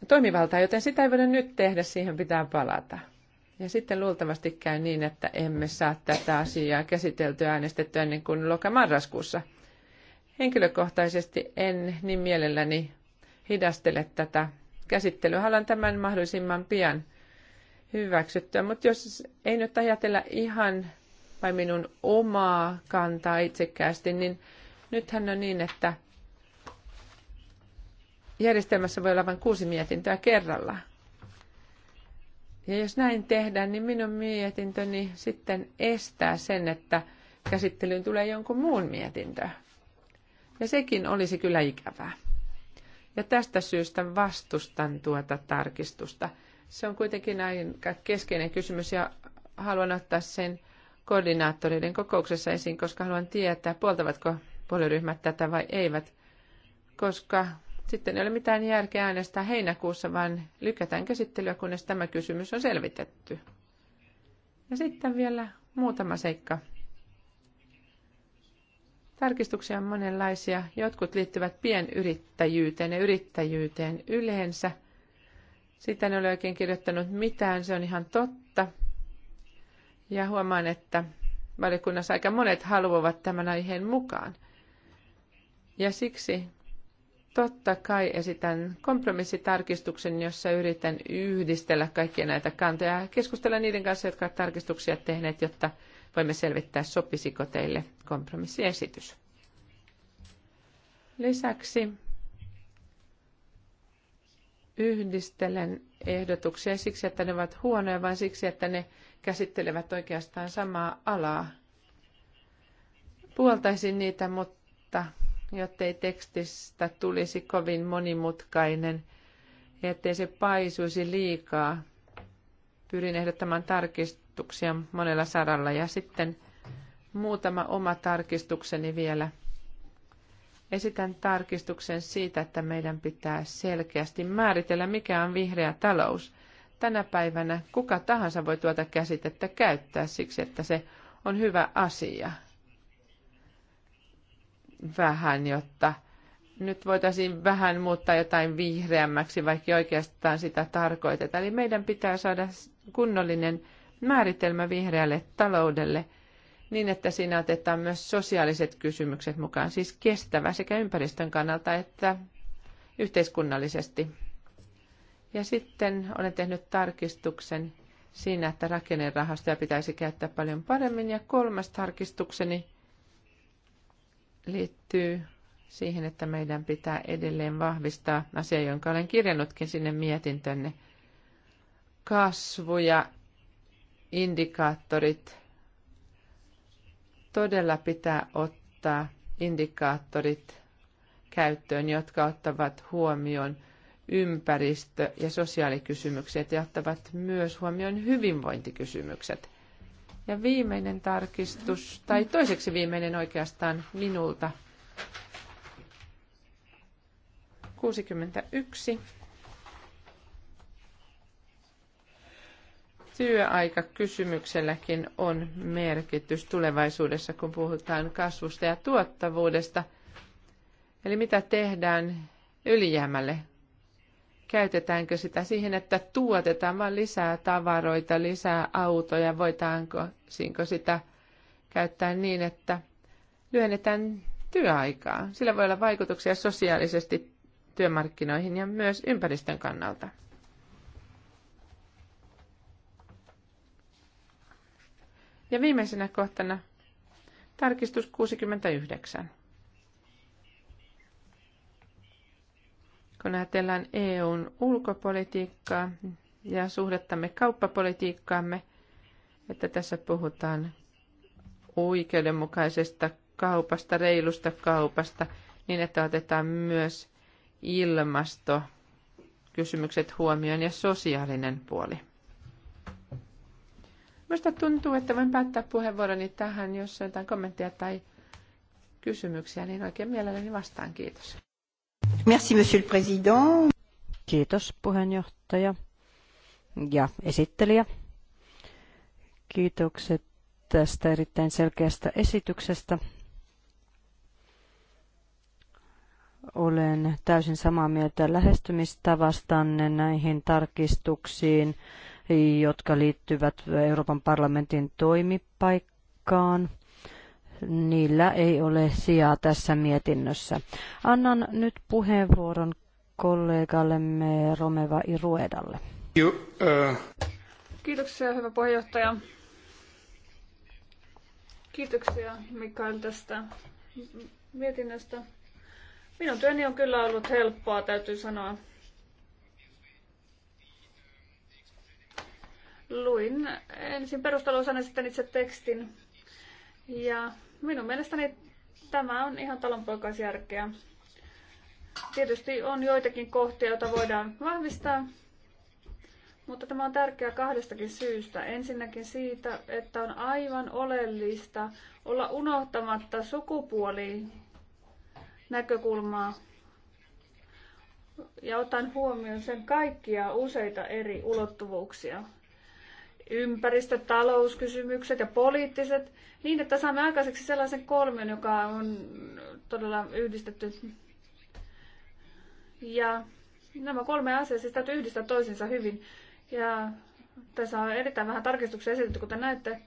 toimivaltaa, joten sitä ei voida nyt tehdä, siihen pitää palata. Ja sitten luultavasti käy niin, että emme saa tätä asiaa käsiteltyä äänestettyä ennen kuin marraskuussa. Henkilökohtaisesti en niin mielelläni hidastele tätä käsittelyä. Haluan tämän mahdollisimman pian hyväksyttyä, mutta jos ei nyt ajatella ihan vai minun omaa kantaa itsekkäästi, niin nythän on niin, että järjestelmässä voi olla vain kuusi mietintöä kerrallaan. Ja jos näin tehdään, niin minun mietintöni sitten estää sen, että käsittelyyn tulee jonkun muun mietintö. Ja sekin olisi kyllä ikävää. Ja tästä syystä vastustan tuota tarkistusta. Se on kuitenkin aika keskeinen kysymys ja haluan ottaa sen koordinaattoreiden kokouksessa esiin, koska haluan tietää, puoltavatko puoliryhmät tätä vai eivät, koska sitten ei ole mitään järkeä äänestää heinäkuussa, vaan lykätään käsittelyä, kunnes tämä kysymys on selvitetty. Ja sitten vielä muutama seikka. Tarkistuksia on monenlaisia. Jotkut liittyvät pienyrittäjyyteen ja yrittäjyyteen yleensä. Sitä en ole oikein kirjoittanut mitään, se on ihan totta. Ja huomaan, että valiokunnassa aika monet haluavat tämän aiheen mukaan. Ja siksi totta kai esitän kompromissitarkistuksen, jossa yritän yhdistellä kaikkia näitä kantoja ja keskustella niiden kanssa, jotka ovat tarkistuksia tehneet, jotta voimme selvittää, sopisiko teille kompromissiesitys. Lisäksi yhdistelen ehdotuksia siksi, että ne ovat huonoja, vaan siksi, että ne käsittelevät oikeastaan samaa alaa. Puoltaisin niitä, mutta jottei tekstistä tulisi kovin monimutkainen, ettei se paisuisi liikaa. Pyrin ehdottamaan tarkistuksia monella saralla ja sitten muutama oma tarkistukseni vielä – Esitän tarkistuksen siitä, että meidän pitää selkeästi määritellä, mikä on vihreä talous. Tänä päivänä kuka tahansa voi tuota käsitettä käyttää siksi, että se on hyvä asia. Vähän, jotta nyt voitaisiin vähän muuttaa jotain vihreämmäksi, vaikka oikeastaan sitä tarkoitetaan. Eli meidän pitää saada kunnollinen määritelmä vihreälle taloudelle – niin, että siinä otetaan myös sosiaaliset kysymykset mukaan, siis kestävä sekä ympäristön kannalta että yhteiskunnallisesti. Ja sitten olen tehnyt tarkistuksen siinä, että rakennerahastoja pitäisi käyttää paljon paremmin. Ja kolmas tarkistukseni liittyy siihen, että meidän pitää edelleen vahvistaa asia, jonka olen kirjannutkin sinne mietintönne. Kasvu ja indikaattorit todella pitää ottaa indikaattorit käyttöön, jotka ottavat huomioon ympäristö- ja sosiaalikysymykset ja ottavat myös huomioon hyvinvointikysymykset. Ja viimeinen tarkistus, tai toiseksi viimeinen oikeastaan minulta, 61 työaikakysymykselläkin on merkitys tulevaisuudessa, kun puhutaan kasvusta ja tuottavuudesta. Eli mitä tehdään ylijäämälle? Käytetäänkö sitä siihen, että tuotetaan vain lisää tavaroita, lisää autoja? Voitaanko sitä käyttää niin, että lyhennetään työaikaa? Sillä voi olla vaikutuksia sosiaalisesti työmarkkinoihin ja myös ympäristön kannalta. Ja viimeisenä kohtana tarkistus 69. Kun ajatellaan EUn ulkopolitiikkaa ja suhdettamme kauppapolitiikkaamme, että tässä puhutaan oikeudenmukaisesta kaupasta, reilusta kaupasta, niin että otetaan myös ilmasto kysymykset huomioon ja sosiaalinen puoli. Minusta tuntuu, että voin päättää puheenvuoroni tähän, jos on jotain kommentteja tai kysymyksiä, niin oikein mielelläni vastaan. Kiitos. Merci, monsieur le président. Kiitos puheenjohtaja ja esittelijä. Kiitokset tästä erittäin selkeästä esityksestä. Olen täysin samaa mieltä lähestymistavastanne näihin tarkistuksiin jotka liittyvät Euroopan parlamentin toimipaikkaan. Niillä ei ole sijaa tässä mietinnössä. Annan nyt puheenvuoron kollegallemme Romeva Iruedalle. Uh, Kiitoksia, hyvä puheenjohtaja. Kiitoksia Mikael tästä mietinnöstä. Minun työni on kyllä ollut helppoa, täytyy sanoa. Luin ensin perusteluosan ja sitten itse tekstin. Ja minun mielestäni tämä on ihan talonpoikaisjärkeä. Tietysti on joitakin kohtia, joita voidaan vahvistaa, mutta tämä on tärkeää kahdestakin syystä. Ensinnäkin siitä, että on aivan oleellista olla unohtamatta sukupuoli näkökulmaa ja otan huomioon sen kaikkia useita eri ulottuvuuksia ympäristö, talouskysymykset ja poliittiset, niin että saamme aikaiseksi sellaisen kolmen, joka on todella yhdistetty. Ja nämä kolme asiaa siis täytyy yhdistää toisensa hyvin. Ja tässä on erittäin vähän tarkistuksia esitetty, kuten näette.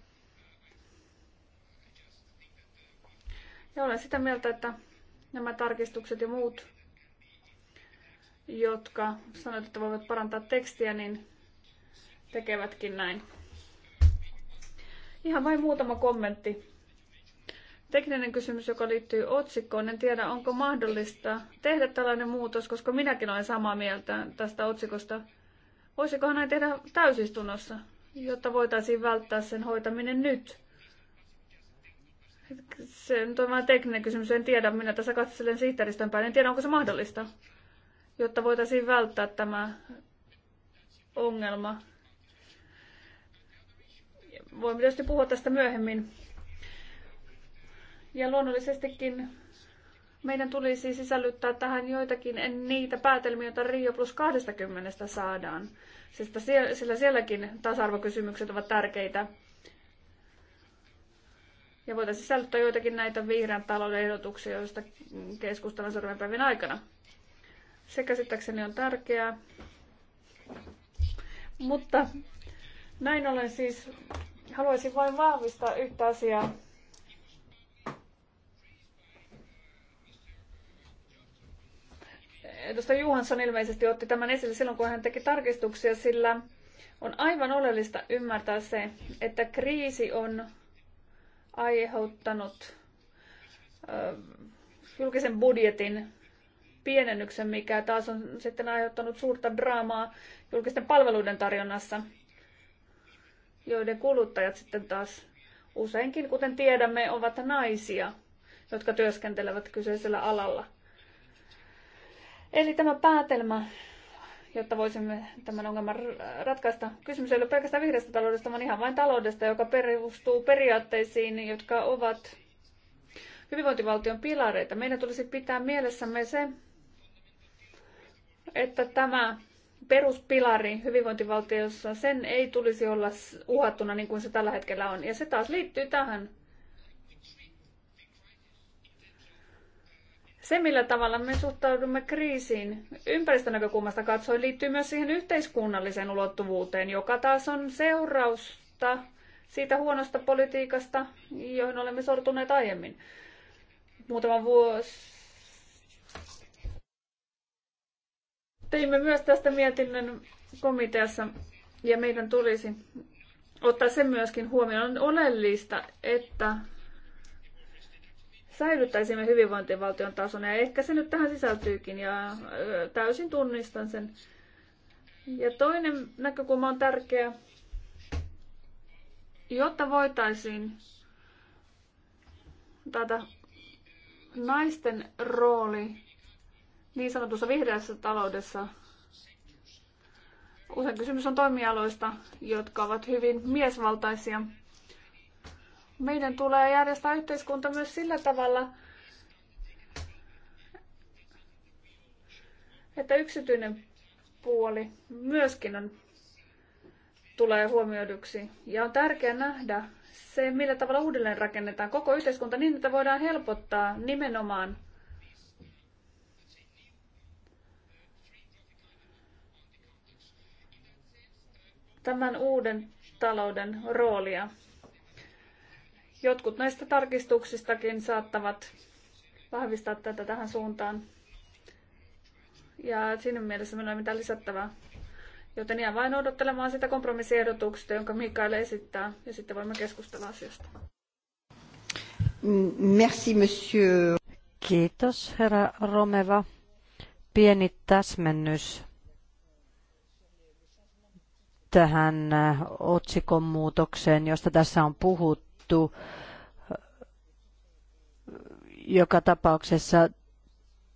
Ja olen sitä mieltä, että nämä tarkistukset ja muut, jotka sanoit, että voivat parantaa tekstiä, niin tekevätkin näin. Ihan vain muutama kommentti. Tekninen kysymys, joka liittyy otsikkoon. En tiedä, onko mahdollista tehdä tällainen muutos, koska minäkin olen samaa mieltä tästä otsikosta. Voisikohan näin tehdä täysistunnossa, jotta voitaisiin välttää sen hoitaminen nyt? Se nyt on vain tekninen kysymys, en tiedä. Minä tässä katselen sihteeristön päin, en tiedä onko se mahdollista, jotta voitaisiin välttää tämä ongelma. Voimme tietysti puhua tästä myöhemmin. Ja luonnollisestikin meidän tulisi sisällyttää tähän joitakin niitä päätelmiä, joita Rio plus 20 saadaan. Sillä sielläkin tasa-arvokysymykset ovat tärkeitä. Ja voitaisiin sisällyttää joitakin näitä vihreän talouden ehdotuksia, joista keskustellaan seuraavan päivän aikana. Se käsittääkseni on tärkeää. Mutta näin ollen siis Haluaisin vain vahvistaa yhtä asiaa. Tuosta Juhansson ilmeisesti otti tämän esille silloin, kun hän teki tarkistuksia, sillä on aivan oleellista ymmärtää se, että kriisi on aiheuttanut julkisen budjetin pienennyksen, mikä taas on sitten aiheuttanut suurta draamaa julkisten palveluiden tarjonnassa joiden kuluttajat sitten taas useinkin, kuten tiedämme, ovat naisia, jotka työskentelevät kyseisellä alalla. Eli tämä päätelmä, jotta voisimme tämän ongelman ratkaista, kysymys ei ole pelkästään vihreästä taloudesta, vaan ihan vain taloudesta, joka perustuu periaatteisiin, jotka ovat hyvinvointivaltion pilareita. Meidän tulisi pitää mielessämme se, että tämä peruspilari hyvinvointivaltiossa, sen ei tulisi olla uhattuna niin kuin se tällä hetkellä on. Ja se taas liittyy tähän. Se, millä tavalla me suhtaudumme kriisiin ympäristönäkökulmasta katsoen, liittyy myös siihen yhteiskunnalliseen ulottuvuuteen, joka taas on seurausta siitä huonosta politiikasta, johon olemme sortuneet aiemmin. Muutama vuosi Teimme myös tästä mietinnön komiteassa ja meidän tulisi ottaa se myöskin huomioon. On oleellista, että säilyttäisimme hyvinvointivaltion tason ja ehkä se nyt tähän sisältyykin ja täysin tunnistan sen. Ja toinen näkökulma on tärkeä, jotta voitaisiin tätä naisten rooli niin sanotussa vihreässä taloudessa usein kysymys on toimialoista, jotka ovat hyvin miesvaltaisia. Meidän tulee järjestää yhteiskunta myös sillä tavalla, että yksityinen puoli myöskin on, tulee huomioiduksi. Ja on tärkeää nähdä se, millä tavalla uudelleen rakennetaan koko yhteiskunta niin, että voidaan helpottaa nimenomaan – tämän uuden talouden roolia. Jotkut näistä tarkistuksistakin saattavat vahvistaa tätä tähän suuntaan. Ja siinä mielessä minulla ei mitään lisättävää. Joten jää vain odottelemaan sitä kompromissiehdotuksesta, jonka Mikael esittää, ja sitten voimme keskustella asiasta. Merci, monsieur. Kiitos, herra Romeva. Pieni täsmennys tähän äh, otsikon muutokseen, josta tässä on puhuttu. Äh, joka tapauksessa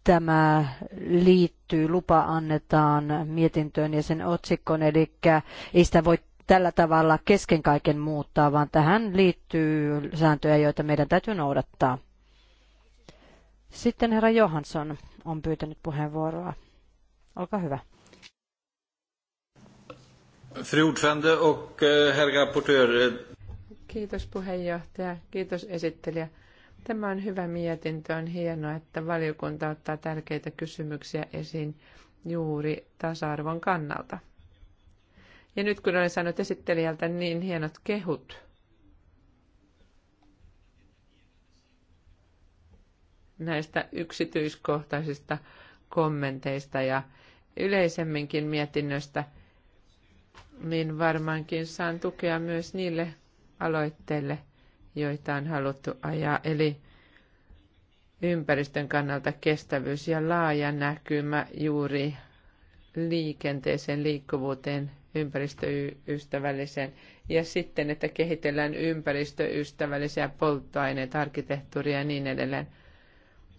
tämä liittyy, lupa annetaan mietintöön ja sen otsikkoon, eli ei sitä voi tällä tavalla kesken kaiken muuttaa, vaan tähän liittyy sääntöjä, joita meidän täytyy noudattaa. Sitten herra Johansson on pyytänyt puheenvuoroa. Olkaa hyvä. Fru ordförande och eh, herr rapportör. Eh. Kiitos puheenjohtaja, kiitos esittelijä. Tämä on hyvä mietintö. On hienoa, että valiokunta ottaa tärkeitä kysymyksiä esiin juuri tasa-arvon kannalta. Ja nyt kun olen saanut esittelijältä niin hienot kehut, näistä yksityiskohtaisista kommenteista ja yleisemminkin mietinnöstä – niin varmaankin saan tukea myös niille aloitteille, joita on haluttu ajaa. Eli ympäristön kannalta kestävyys ja laaja näkymä juuri liikenteeseen, liikkuvuuteen, ympäristöystävälliseen ja sitten, että kehitellään ympäristöystävällisiä polttoaineita, arkkitehtuuria ja niin edelleen –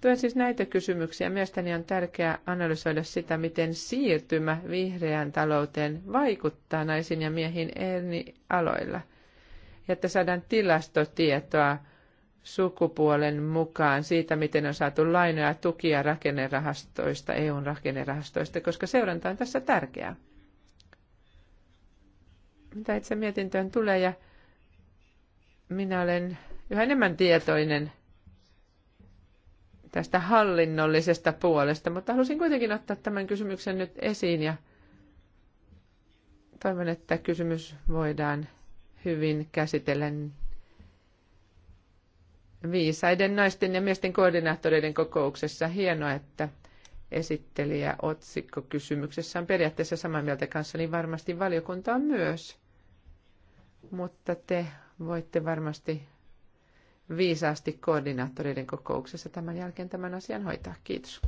Tuen siis näitä kysymyksiä. Mielestäni on tärkeää analysoida sitä, miten siirtymä vihreään talouteen vaikuttaa naisiin ja miehiin eri aloilla. Ja että saadaan tilastotietoa sukupuolen mukaan siitä, miten on saatu lainoja, tukia rakennerahastoista, EUn rakennerahastoista, koska seuranta on tässä tärkeää. Mitä itse mietintöön tulee ja minä olen yhä enemmän tietoinen – tästä hallinnollisesta puolesta, mutta halusin kuitenkin ottaa tämän kysymyksen nyt esiin ja toivon, että kysymys voidaan hyvin käsitellä viisaiden naisten ja miesten koordinaattoreiden kokouksessa. Hienoa, että esittelijä otsikko kysymyksessä on periaatteessa samaa mieltä kanssa, niin varmasti valiokunta on myös. Mutta te voitte varmasti viisaasti koordinaattoreiden kokouksessa tämän jälkeen tämän asian hoitaa. Kiitos.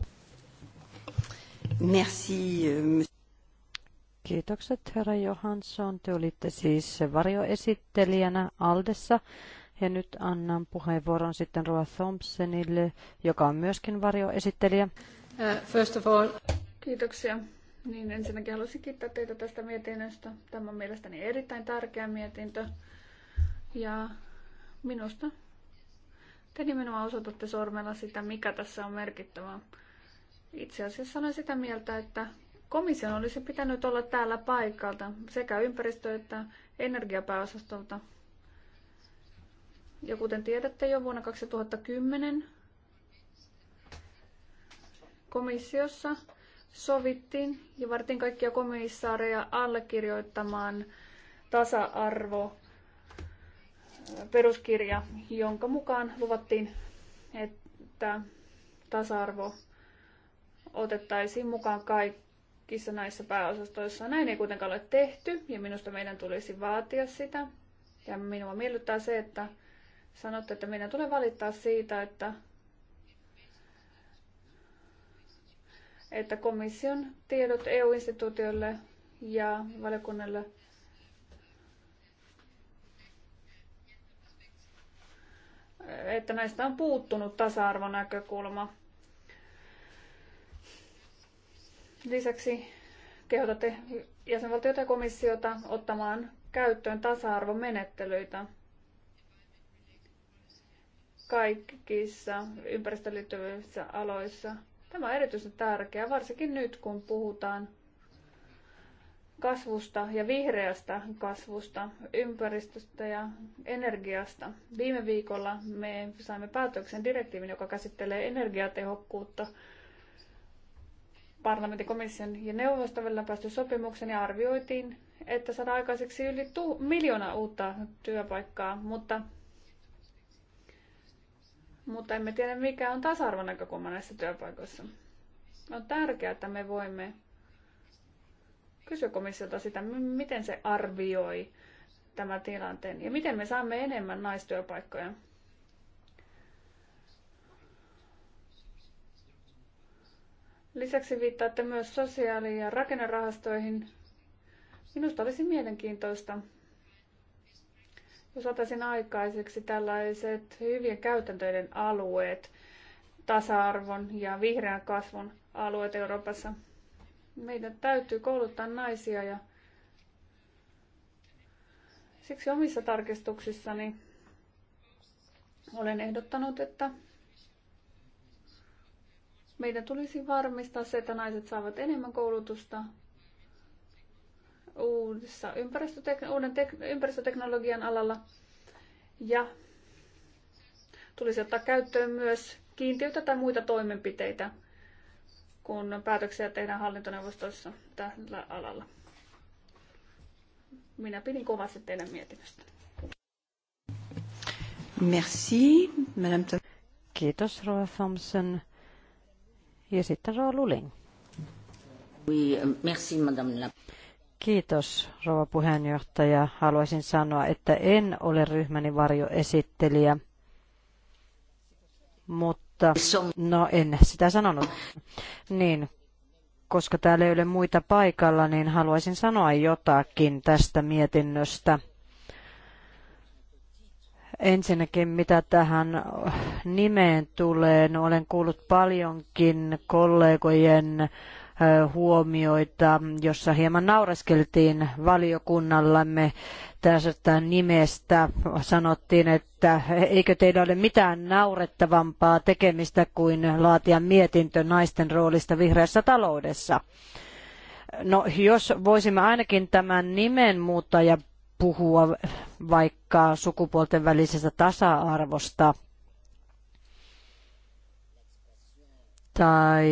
Merci. Euh, Kiitokset herra Johansson. Te olitte siis varjoesittelijänä Aldessa. Ja nyt annan puheenvuoron sitten Roa Thompsonille, joka on myöskin varjoesittelijä. Uh, first of all. Kiitoksia. Niin, ensinnäkin haluaisin kiittää teitä tästä mietinnöstä. Tämä on mielestäni erittäin tärkeä mietintö. Ja minusta te nimenomaan osoitatte sormella sitä, mikä tässä on merkittävää. Itse asiassa olen sitä mieltä, että komission olisi pitänyt olla täällä paikalta sekä ympäristö- että energiapääosastolta. Ja kuten tiedätte, jo vuonna 2010 komissiossa sovittiin ja vartin kaikkia komissaareja allekirjoittamaan tasa-arvo peruskirja, jonka mukaan luvattiin, että tasa-arvo otettaisiin mukaan kaikissa näissä pääosastoissa. Näin ei kuitenkaan ole tehty ja minusta meidän tulisi vaatia sitä. Ja minua miellyttää se, että sanotte, että meidän tulee valittaa siitä, että, että komission tiedot EU-instituutioille ja valiokunnalle – että näistä on puuttunut tasa-arvonäkökulma. Lisäksi kehotatte jäsenvaltioita ja komissiota ottamaan käyttöön tasa-arvomenettelyitä kaikissa ympäristöliittyvissä aloissa. Tämä on erityisen tärkeää, varsinkin nyt kun puhutaan kasvusta ja vihreästä kasvusta, ympäristöstä ja energiasta. Viime viikolla me saimme päätöksen direktiivin, joka käsittelee energiatehokkuutta parlamentin, komission ja neuvoston välillä päästy sopimuksen ja arvioitiin, että saadaan aikaiseksi yli tu- miljoona uutta työpaikkaa, mutta, mutta emme tiedä mikä on tasa-arvon näkökulma näissä työpaikoissa. On tärkeää, että me voimme kysyä komissiolta sitä, miten se arvioi tämän tilanteen ja miten me saamme enemmän naistyöpaikkoja. Lisäksi viittaatte myös sosiaali- ja rakennerahastoihin. Minusta olisi mielenkiintoista, jos saataisiin aikaiseksi tällaiset hyvien käytäntöiden alueet, tasa-arvon ja vihreän kasvun alueet Euroopassa – meidän täytyy kouluttaa naisia ja siksi omissa tarkistuksissani olen ehdottanut, että meidän tulisi varmistaa se, että naiset saavat enemmän koulutusta uudessa ympäristötek- uuden tek- ympäristöteknologian alalla. Ja tulisi ottaa käyttöön myös kiintiöitä tai muita toimenpiteitä, kun päätöksiä tehdään hallintoneuvostossa tällä alalla. Minä pidin kovasti teidän mietinnöstä. Merci, Madame Kiitos, Roa Thompson. Ja sitten Roa Luling. Oui, merci, Madame la... Kiitos, rouva puheenjohtaja. Haluaisin sanoa, että en ole ryhmäni varjoesittelijä, mutta No en sitä sanonut. Niin, koska täällä ei ole muita paikalla, niin haluaisin sanoa jotakin tästä mietinnöstä. Ensinnäkin mitä tähän nimeen tulee, no olen kuullut paljonkin kollegojen huomioita, jossa hieman naureskeltiin valiokunnallamme tästä nimestä. Sanottiin, että eikö teillä ole mitään naurettavampaa tekemistä kuin laatia mietintö naisten roolista vihreässä taloudessa. No, jos voisimme ainakin tämän nimen muuttaa ja puhua vaikka sukupuolten välisestä tasa-arvosta tai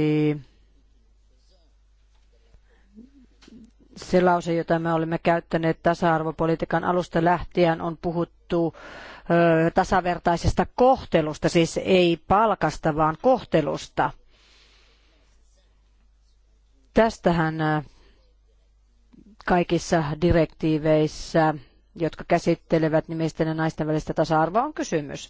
se lause, jota me olemme käyttäneet tasa-arvopolitiikan alusta lähtien, on puhuttu ö, tasavertaisesta kohtelusta, siis ei palkasta, vaan kohtelusta. Tästähän kaikissa direktiiveissä, jotka käsittelevät nimisten ja naisten välistä tasa-arvoa, on kysymys.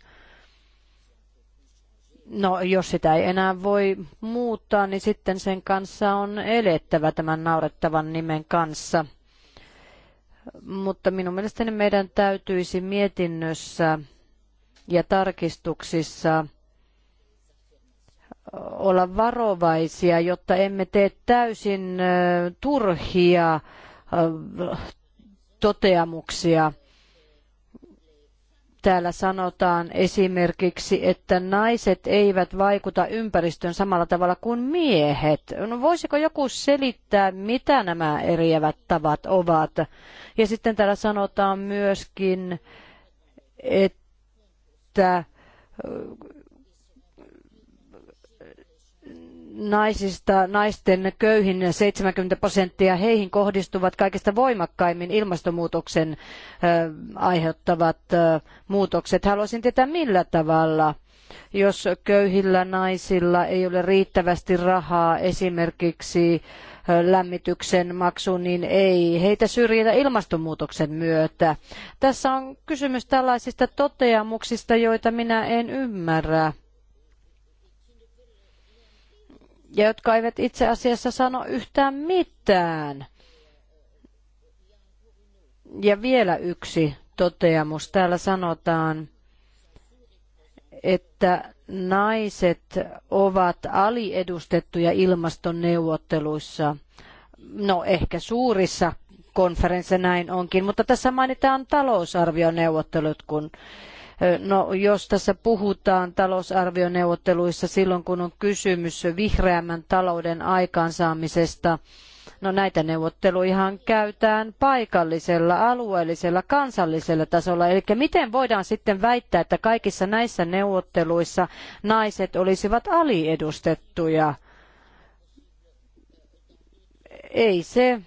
No, jos sitä ei enää voi muuttaa, niin sitten sen kanssa on elettävä tämän naurettavan nimen kanssa. Mutta minun mielestäni meidän täytyisi mietinnössä ja tarkistuksissa olla varovaisia, jotta emme tee täysin turhia toteamuksia Täällä sanotaan esimerkiksi, että naiset eivät vaikuta ympäristöön samalla tavalla kuin miehet. No voisiko joku selittää, mitä nämä eriävät tavat ovat? Ja sitten täällä sanotaan myöskin, että naisista, naisten köyhin 70 prosenttia, heihin kohdistuvat kaikista voimakkaimmin ilmastonmuutoksen aiheuttavat muutokset. Haluaisin tietää millä tavalla jos köyhillä naisilla ei ole riittävästi rahaa esimerkiksi lämmityksen maksuun, niin ei heitä syrjitä ilmastonmuutoksen myötä. Tässä on kysymys tällaisista toteamuksista, joita minä en ymmärrä. ja jotka eivät itse asiassa sano yhtään mitään. Ja vielä yksi toteamus. Täällä sanotaan, että naiset ovat aliedustettuja ilmastoneuvotteluissa. No ehkä suurissa konferensseissa näin onkin, mutta tässä mainitaan talousarvioneuvottelut, kun No, jos tässä puhutaan talousarvioneuvotteluissa silloin, kun on kysymys vihreämmän talouden aikaansaamisesta, No näitä neuvotteluihan käytään paikallisella, alueellisella, kansallisella tasolla. Eli miten voidaan sitten väittää, että kaikissa näissä neuvotteluissa naiset olisivat aliedustettuja? Ei se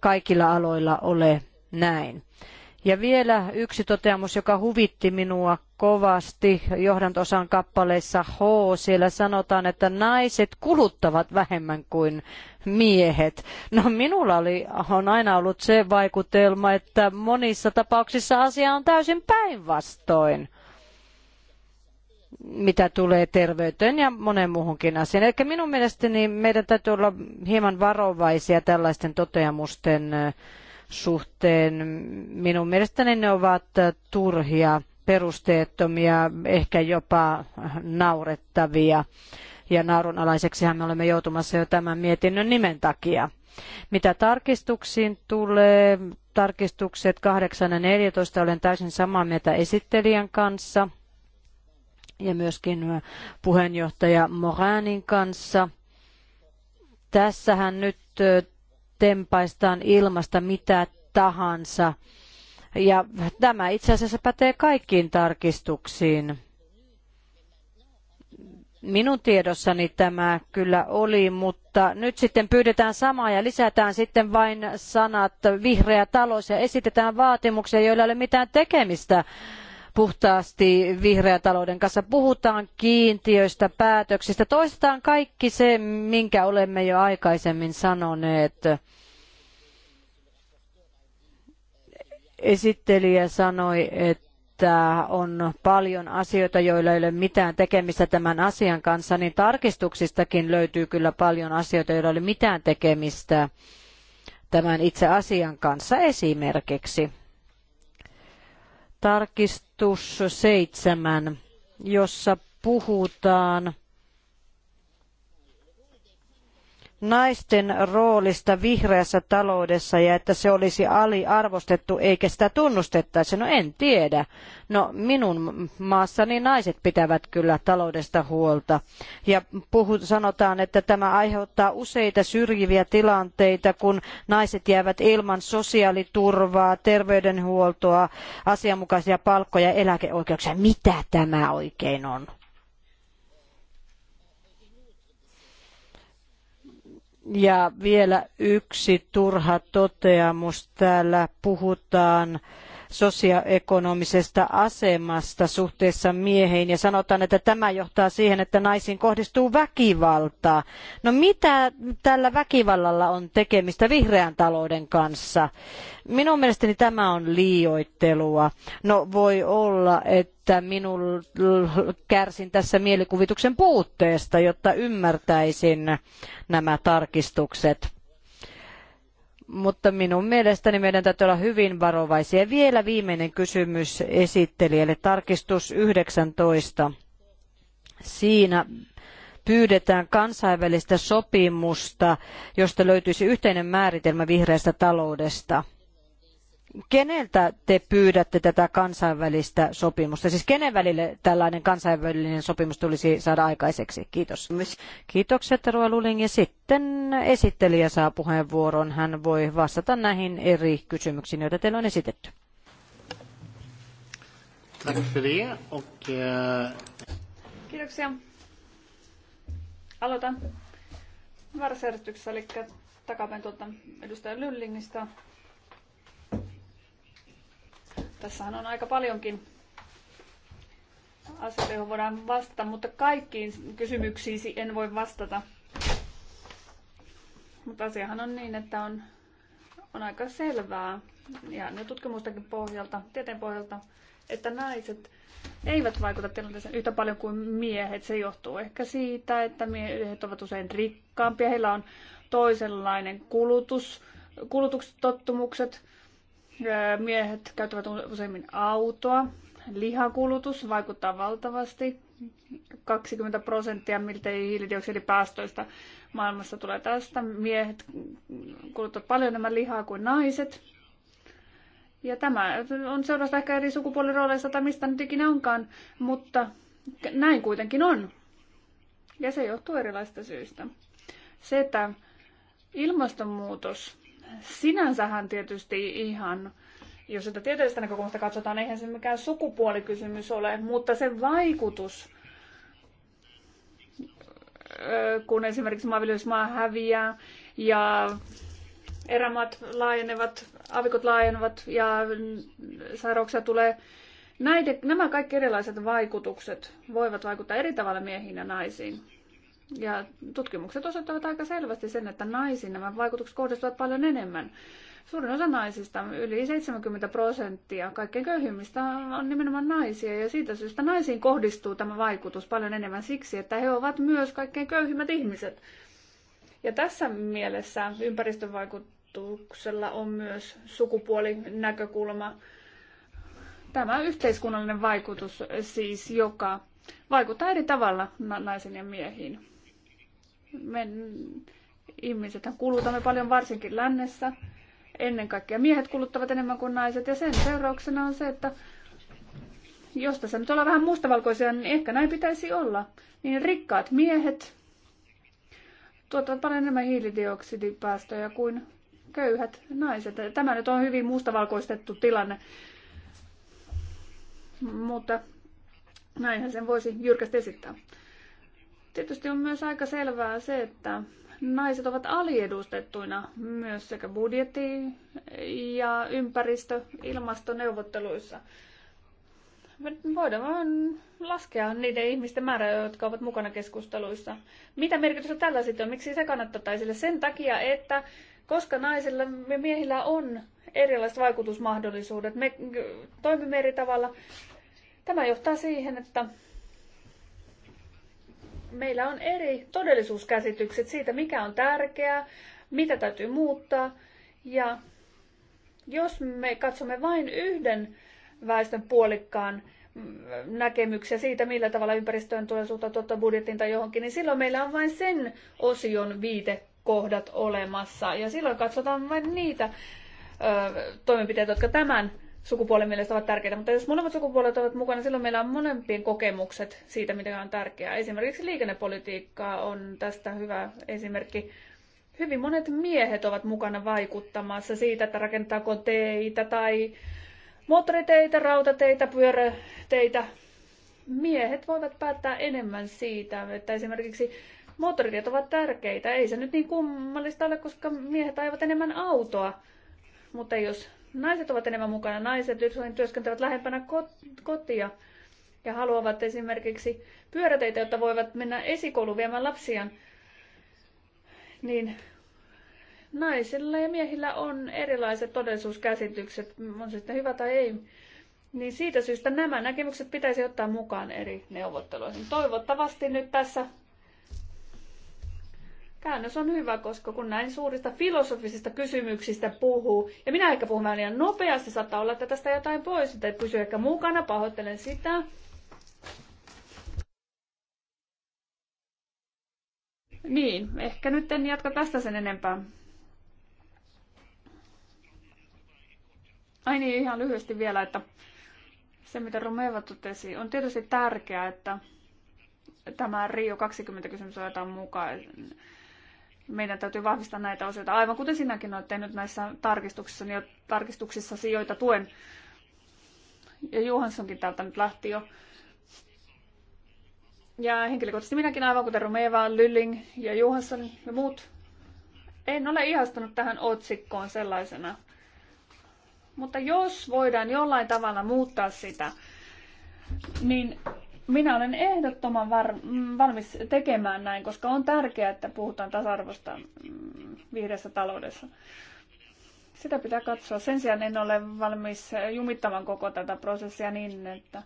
kaikilla aloilla ole näin. Ja vielä yksi toteamus, joka huvitti minua kovasti johdantosan kappaleissa H. Siellä sanotaan, että naiset kuluttavat vähemmän kuin miehet. No minulla oli, on aina ollut se vaikutelma, että monissa tapauksissa asia on täysin päinvastoin mitä tulee terveyteen ja monen muuhunkin asiaan. Eli minun mielestäni meidän täytyy olla hieman varovaisia tällaisten toteamusten äh, suhteen. Minun mielestäni ne ovat turhia, perusteettomia, ehkä jopa naurettavia. Ja naurunalaiseksihan me olemme joutumassa jo tämän mietinnön nimen takia. Mitä tarkistuksiin tulee, tarkistukset 8 ja 14 olen täysin samaa mieltä esittelijän kanssa ja myöskin puheenjohtaja Moranin kanssa. Tässähän nyt tempaistaan ilmasta mitä tahansa. Ja tämä itse asiassa pätee kaikkiin tarkistuksiin. Minun tiedossani tämä kyllä oli, mutta nyt sitten pyydetään samaa ja lisätään sitten vain sanat vihreä talous ja esitetään vaatimuksia, joilla ei ole mitään tekemistä puhtaasti vihreän talouden kanssa. Puhutaan kiintiöistä, päätöksistä, toistetaan kaikki se, minkä olemme jo aikaisemmin sanoneet. Esittelijä sanoi, että että on paljon asioita, joilla ei ole mitään tekemistä tämän asian kanssa, niin tarkistuksistakin löytyy kyllä paljon asioita, joilla ei ole mitään tekemistä tämän itse asian kanssa esimerkiksi tarkistus seitsemän, jossa puhutaan naisten roolista vihreässä taloudessa ja että se olisi aliarvostettu eikä sitä tunnustettaisi. No en tiedä. No minun maassani naiset pitävät kyllä taloudesta huolta. Ja puhu, sanotaan, että tämä aiheuttaa useita syrjiviä tilanteita, kun naiset jäävät ilman sosiaaliturvaa, terveydenhuoltoa, asianmukaisia palkkoja, eläkeoikeuksia. Mitä tämä oikein on? Ja vielä yksi turha toteamus. Täällä puhutaan sosioekonomisesta asemasta suhteessa mieheen ja sanotaan, että tämä johtaa siihen, että naisiin kohdistuu väkivaltaa. No mitä tällä väkivallalla on tekemistä vihreän talouden kanssa? Minun mielestäni tämä on liioittelua. No voi olla, että minun kärsin tässä mielikuvituksen puutteesta, jotta ymmärtäisin nämä tarkistukset mutta minun mielestäni meidän täytyy olla hyvin varovaisia. Vielä viimeinen kysymys esittelijälle, tarkistus 19. Siinä pyydetään kansainvälistä sopimusta, josta löytyisi yhteinen määritelmä vihreästä taloudesta – keneltä te pyydätte tätä kansainvälistä sopimusta? Siis kenen välille tällainen kansainvälinen sopimus tulisi saada aikaiseksi? Kiitos. Kiitokset Roa Luling. Ja sitten esittelijä saa puheenvuoron. Hän voi vastata näihin eri kysymyksiin, joita teillä on esitetty. Tack för det. Och, eh, Kiitoksia. Aloitan väärässä järjestyksessä, eli takapäin tuolta edustaja Lyllingistä. Tässähän on aika paljonkin asioita, joihin voidaan vastata, mutta kaikkiin kysymyksiin en voi vastata. Mutta asiahan on niin, että on, on aika selvää, ja ne tutkimustakin pohjalta, tieteen pohjalta, että naiset eivät vaikuta tilanteeseen yhtä paljon kuin miehet. Se johtuu ehkä siitä, että miehet ovat usein rikkaampia, heillä on toisenlainen kulutus, kulutustottumukset, Miehet käyttävät useimmin autoa. Lihakulutus vaikuttaa valtavasti. 20 prosenttia miltei hiilidioksidipäästöistä maailmassa tulee tästä. Miehet kuluttavat paljon enemmän lihaa kuin naiset. Ja tämä on seurasta ehkä eri sukupuolirooleista tai mistä nyt ikinä onkaan, mutta näin kuitenkin on. Ja se johtuu erilaisista syistä. Se, että ilmastonmuutos sinänsähän tietysti ihan, jos sitä tieteellistä näkökulmasta katsotaan, eihän se mikään sukupuolikysymys ole, mutta sen vaikutus, kun esimerkiksi maanviljelysmaa häviää ja erämaat laajenevat, avikot laajenevat ja sairauksia tulee. Näiden, nämä kaikki erilaiset vaikutukset voivat vaikuttaa eri tavalla miehiin ja naisiin. Ja tutkimukset osoittavat aika selvästi sen, että naisiin nämä vaikutukset kohdistuvat paljon enemmän. Suurin osa naisista, yli 70 prosenttia kaikkein köyhimmistä, on nimenomaan naisia. Ja siitä syystä naisiin kohdistuu tämä vaikutus paljon enemmän siksi, että he ovat myös kaikkein köyhimmät ihmiset. Ja tässä mielessä ympäristövaikutuksella on myös sukupuolinäkökulma. Tämä yhteiskunnallinen vaikutus siis, joka vaikuttaa eri tavalla naisiin ja miehiin. Me ihmiset kulutamme paljon varsinkin lännessä. Ennen kaikkea miehet kuluttavat enemmän kuin naiset ja sen seurauksena on se, että jos tässä nyt ollaan vähän mustavalkoisia, niin ehkä näin pitäisi olla. Niin rikkaat miehet tuottavat paljon enemmän hiilidioksidipäästöjä kuin köyhät naiset. Tämä nyt on hyvin mustavalkoistettu tilanne. Mutta näinhän sen voisi jyrkästi esittää. Tietysti on myös aika selvää se, että naiset ovat aliedustettuina myös sekä budjetti- ja ympäristö- ilmastoneuvotteluissa. voidaan vain laskea niiden ihmisten määrää, jotka ovat mukana keskusteluissa. Mitä merkitystä tällä sitten on? Miksi se kannattaa sille? Sen takia, että koska naisilla ja miehillä on erilaiset vaikutusmahdollisuudet, me toimimme eri tavalla. Tämä johtaa siihen, että meillä on eri todellisuuskäsitykset siitä, mikä on tärkeää, mitä täytyy muuttaa. Ja jos me katsomme vain yhden väestön puolikkaan mm, näkemyksiä siitä, millä tavalla ympäristöön tulee suhtautua tuota budjettiin tai johonkin, niin silloin meillä on vain sen osion viitekohdat olemassa. Ja silloin katsotaan vain niitä ö, toimenpiteitä, jotka tämän sukupuolen mielestä ovat tärkeitä, mutta jos molemmat sukupuolet ovat mukana, silloin meillä on molempien kokemukset siitä, mitä on tärkeää. Esimerkiksi liikennepolitiikka on tästä hyvä esimerkki. Hyvin monet miehet ovat mukana vaikuttamassa siitä, että rakentaako teitä tai moottoriteitä, rautateitä, pyöräteitä. Miehet voivat päättää enemmän siitä, että esimerkiksi moottoritiet ovat tärkeitä. Ei se nyt niin kummallista ole, koska miehet ajavat enemmän autoa. Mutta jos Naiset ovat enemmän mukana. Naiset usein työskentelevät lähempänä kotia ja haluavat esimerkiksi pyöräteitä, jotta voivat mennä esikouluun viemään lapsiaan. Niin naisilla ja miehillä on erilaiset todellisuuskäsitykset, on se sitten hyvä tai ei. Niin siitä syystä nämä näkemykset pitäisi ottaa mukaan eri neuvotteluihin. Toivottavasti nyt tässä Käännös on hyvä, koska kun näin suurista filosofisista kysymyksistä puhuu, ja minä ehkä puhun liian nopeasti, saattaa olla, että tästä jotain pois, että pysy ehkä mukana, pahoittelen sitä. Niin, ehkä nyt en jatka tästä sen enempää. Ai niin, ihan lyhyesti vielä, että se mitä Romeva totesi, on tietysti tärkeää, että tämä Rio 20 kysymys otetaan mukaan meidän täytyy vahvistaa näitä osioita, aivan kuten sinäkin olet tehnyt näissä tarkistuksissa, niin tarkistuksissa joita tuen. Ja Johanssonkin täältä nyt lähti jo. Ja henkilökohtaisesti minäkin aivan kuten Romeva, Lylling ja Johansson ja muut, en ole ihastunut tähän otsikkoon sellaisena. Mutta jos voidaan jollain tavalla muuttaa sitä, niin minä olen ehdottoman var- mm, valmis tekemään näin, koska on tärkeää, että puhutaan tasa-arvosta mm, vihreässä taloudessa. Sitä pitää katsoa. Sen sijaan en ole valmis jumittamaan koko tätä prosessia niin, että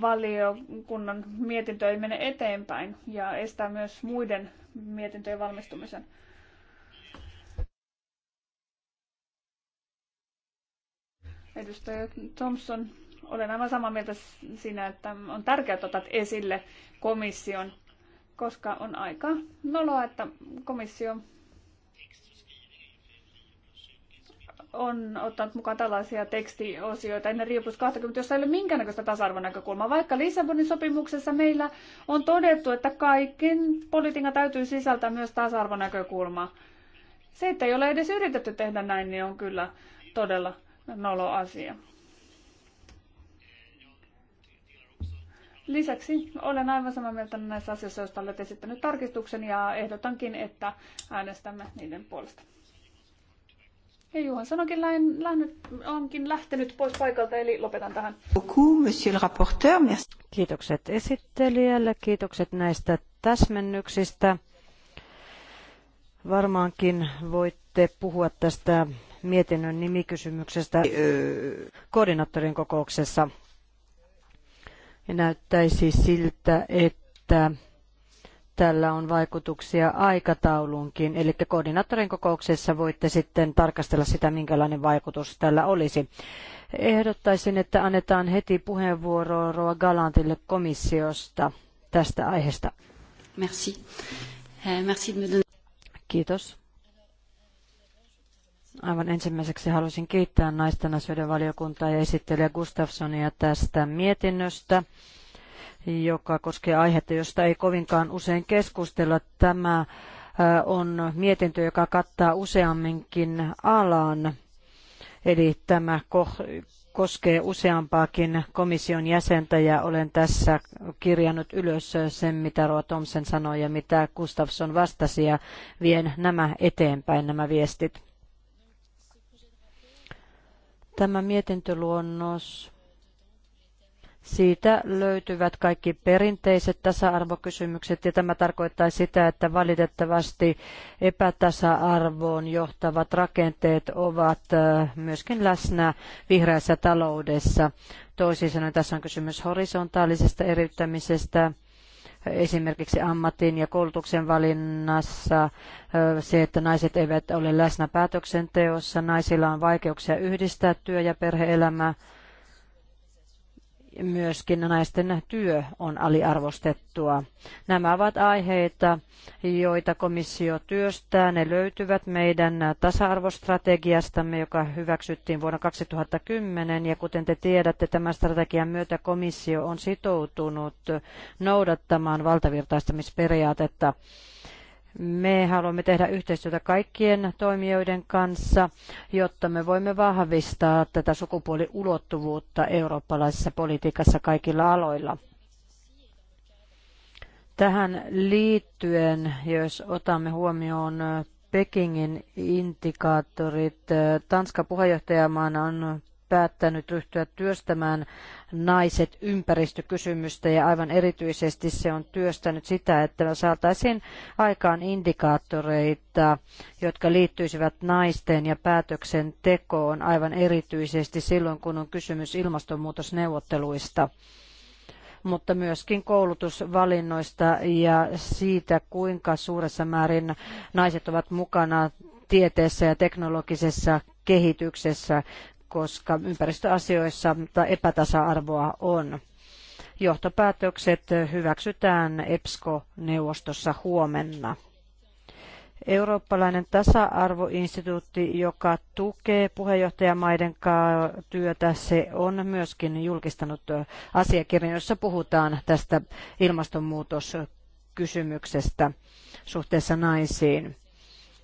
valiokunnan mietintö ei mene eteenpäin ja estää myös muiden mietintöjen valmistumisen. Edustaja Thompson olen aivan samaa mieltä siinä, että on tärkeää, ottaa esille komission, koska on aika noloa, että komissio on ottanut mukaan tällaisia tekstiosioita ennen riipus 20, jossa ei ole minkäännäköistä tasa-arvonäkökulmaa, vaikka Lissabonin sopimuksessa meillä on todettu, että kaiken politiikan täytyy sisältää myös tasa-arvonäkökulma. Se, että ei ole edes yritetty tehdä näin, niin on kyllä todella nolo asia. Lisäksi olen aivan samaa mieltä näissä asioissa, joista olet esittänyt tarkistuksen ja ehdotankin, että äänestämme niiden puolesta. Ja Juhan sanokin lähen, lähen, onkin lähtenyt pois paikalta, eli lopetan tähän. Kiitokset esittelijälle, kiitokset näistä täsmennyksistä. Varmaankin voitte puhua tästä mietinnön nimikysymyksestä koordinaattorin kokouksessa ja näyttäisi siltä, että tällä on vaikutuksia aikatauluunkin. Eli koordinaattorin kokouksessa voitte sitten tarkastella sitä, minkälainen vaikutus tällä olisi. Ehdottaisin, että annetaan heti puheenvuoro Roa Galantille komissiosta tästä aiheesta. Merci. Eh, merci de me Kiitos Aivan ensimmäiseksi haluaisin kiittää naisten asioiden valiokuntaa ja esittelijä Gustafssonia tästä mietinnöstä, joka koskee aihetta, josta ei kovinkaan usein keskustella. Tämä on mietintö, joka kattaa useamminkin alan, eli tämä koskee useampaakin komission jäsentä ja olen tässä kirjannut ylös sen, mitä Roa Thomsen sanoi ja mitä Gustafsson vastasi ja vien nämä eteenpäin, nämä viestit. Tämä mietintöluonnos siitä löytyvät kaikki perinteiset tasa-arvokysymykset ja tämä tarkoittaa sitä, että valitettavasti epätasa-arvoon johtavat rakenteet ovat myöskin läsnä vihreässä taloudessa. Toisin sanoen tässä on kysymys horisontaalisesta eriyttämisestä, esimerkiksi ammatin ja koulutuksen valinnassa, se, että naiset eivät ole läsnä päätöksenteossa, naisilla on vaikeuksia yhdistää työ- ja perhe elämää myöskin naisten työ on aliarvostettua. Nämä ovat aiheita, joita komissio työstää. Ne löytyvät meidän tasa-arvostrategiastamme, joka hyväksyttiin vuonna 2010. Ja kuten te tiedätte, tämän strategian myötä komissio on sitoutunut noudattamaan valtavirtaistamisperiaatetta. Me haluamme tehdä yhteistyötä kaikkien toimijoiden kanssa, jotta me voimme vahvistaa tätä sukupuoliulottuvuutta eurooppalaisessa politiikassa kaikilla aloilla. Tähän liittyen, jos otamme huomioon Pekingin indikaattorit, Tanska puheenjohtajamaana on päättänyt ryhtyä työstämään naiset ympäristökysymystä ja aivan erityisesti se on työstänyt sitä, että me saataisiin aikaan indikaattoreita, jotka liittyisivät naisten ja päätöksentekoon aivan erityisesti silloin, kun on kysymys ilmastonmuutosneuvotteluista mutta myöskin koulutusvalinnoista ja siitä, kuinka suuressa määrin naiset ovat mukana tieteessä ja teknologisessa kehityksessä koska ympäristöasioissa epätasa-arvoa on. Johtopäätökset hyväksytään EPSCO-neuvostossa huomenna. Eurooppalainen tasa-arvoinstituutti, joka tukee puheenjohtajamaiden työtä, se on myöskin julkistanut asiakirjan, jossa puhutaan tästä ilmastonmuutoskysymyksestä suhteessa naisiin.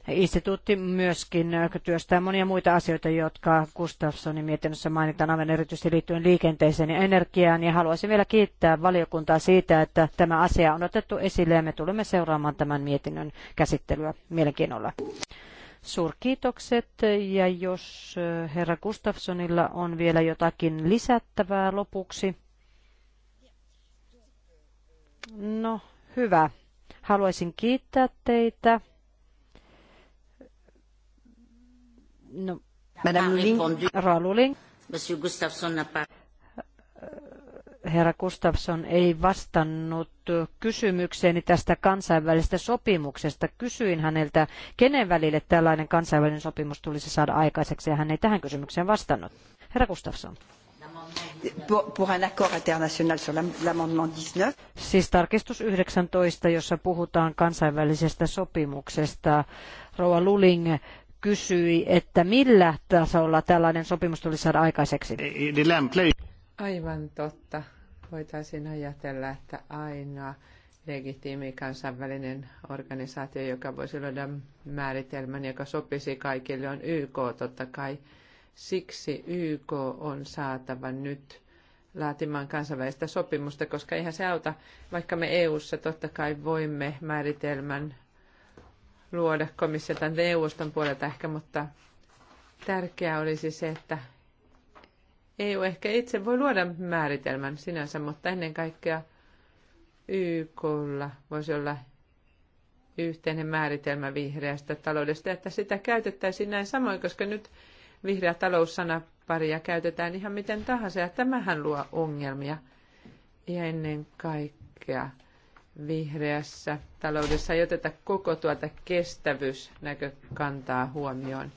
Instituutti myöskin äh, työstää monia muita asioita, jotka Gustafssonin mietinnössä mainitaan aivan erityisesti liittyen liikenteeseen ja energiaan. Ja haluaisin vielä kiittää valiokuntaa siitä, että tämä asia on otettu esille ja me tulemme seuraamaan tämän mietinnön käsittelyä mielenkiinnolla. Suurkiitokset ja jos äh, herra Gustafssonilla on vielä jotakin lisättävää lopuksi. No hyvä. Haluaisin kiittää teitä. No. Madame Luling, Monsieur Gustafsson n'a pas äh, herra Gustafsson ei vastannut kysymykseeni tästä kansainvälisestä sopimuksesta. Kysyin häneltä, kenen välille tällainen kansainvälinen sopimus tulisi saada aikaiseksi, ja hän ei tähän kysymykseen vastannut. Herra Gustafsson. Pour un accord international sur l'amendement 19. Siis tarkistus 19, jossa puhutaan kansainvälisestä sopimuksesta. Rouva Luling, kysyi, että millä tasolla tällainen sopimus tulisi saada aikaiseksi. Aivan totta. Voitaisiin ajatella, että ainoa legitiimi kansainvälinen organisaatio, joka voisi luoda määritelmän, joka sopisi kaikille, on YK totta kai. Siksi YK on saatava nyt laatimaan kansainvälistä sopimusta, koska eihän se auta, vaikka me EU-ssa totta kai voimme määritelmän luoda komissiolta neuvoston puolelta ehkä, mutta tärkeää olisi se, että EU ehkä itse voi luoda määritelmän sinänsä, mutta ennen kaikkea YKlla voisi olla yhteinen määritelmä vihreästä taloudesta, että sitä käytettäisiin näin samoin, koska nyt vihreä taloussanaparia käytetään ihan miten tahansa, ja tämähän luo ongelmia. Ja ennen kaikkea vihreässä taloudessa ei oteta koko tuota kestävyysnäkökantaa huomioon,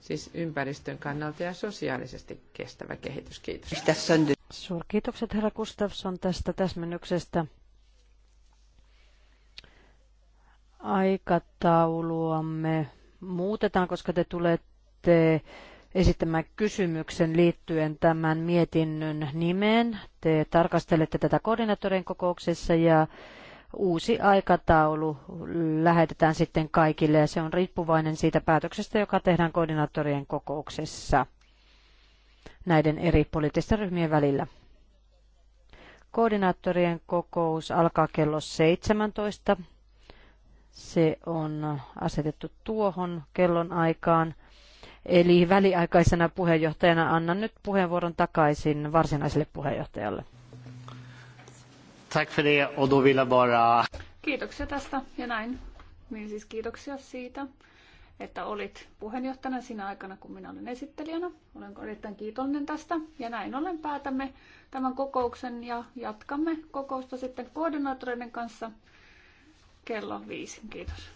siis ympäristön kannalta ja sosiaalisesti kestävä kehitys. Kiitos. herra Gustafsson tästä täsmennyksestä. Aikatauluamme muutetaan, koska te tulette esittämään kysymyksen liittyen tämän mietinnön nimeen. Te tarkastelette tätä koordinaattorien kokouksessa ja uusi aikataulu lähetetään sitten kaikille ja se on riippuvainen siitä päätöksestä, joka tehdään koordinaattorien kokouksessa näiden eri poliittisten ryhmien välillä. Koordinaattorien kokous alkaa kello 17. Se on asetettu tuohon kellon aikaan. Eli väliaikaisena puheenjohtajana annan nyt puheenvuoron takaisin varsinaiselle puheenjohtajalle. Tack för det och då vill jag bara... Kiitoksia tästä ja näin. Niin siis kiitoksia siitä, että olit puheenjohtajana siinä aikana, kun minä olin esittelijänä. Olen erittäin kiitollinen tästä ja näin ollen päätämme tämän kokouksen ja jatkamme kokousta sitten koordinaattoreiden kanssa kello viisi. Kiitos.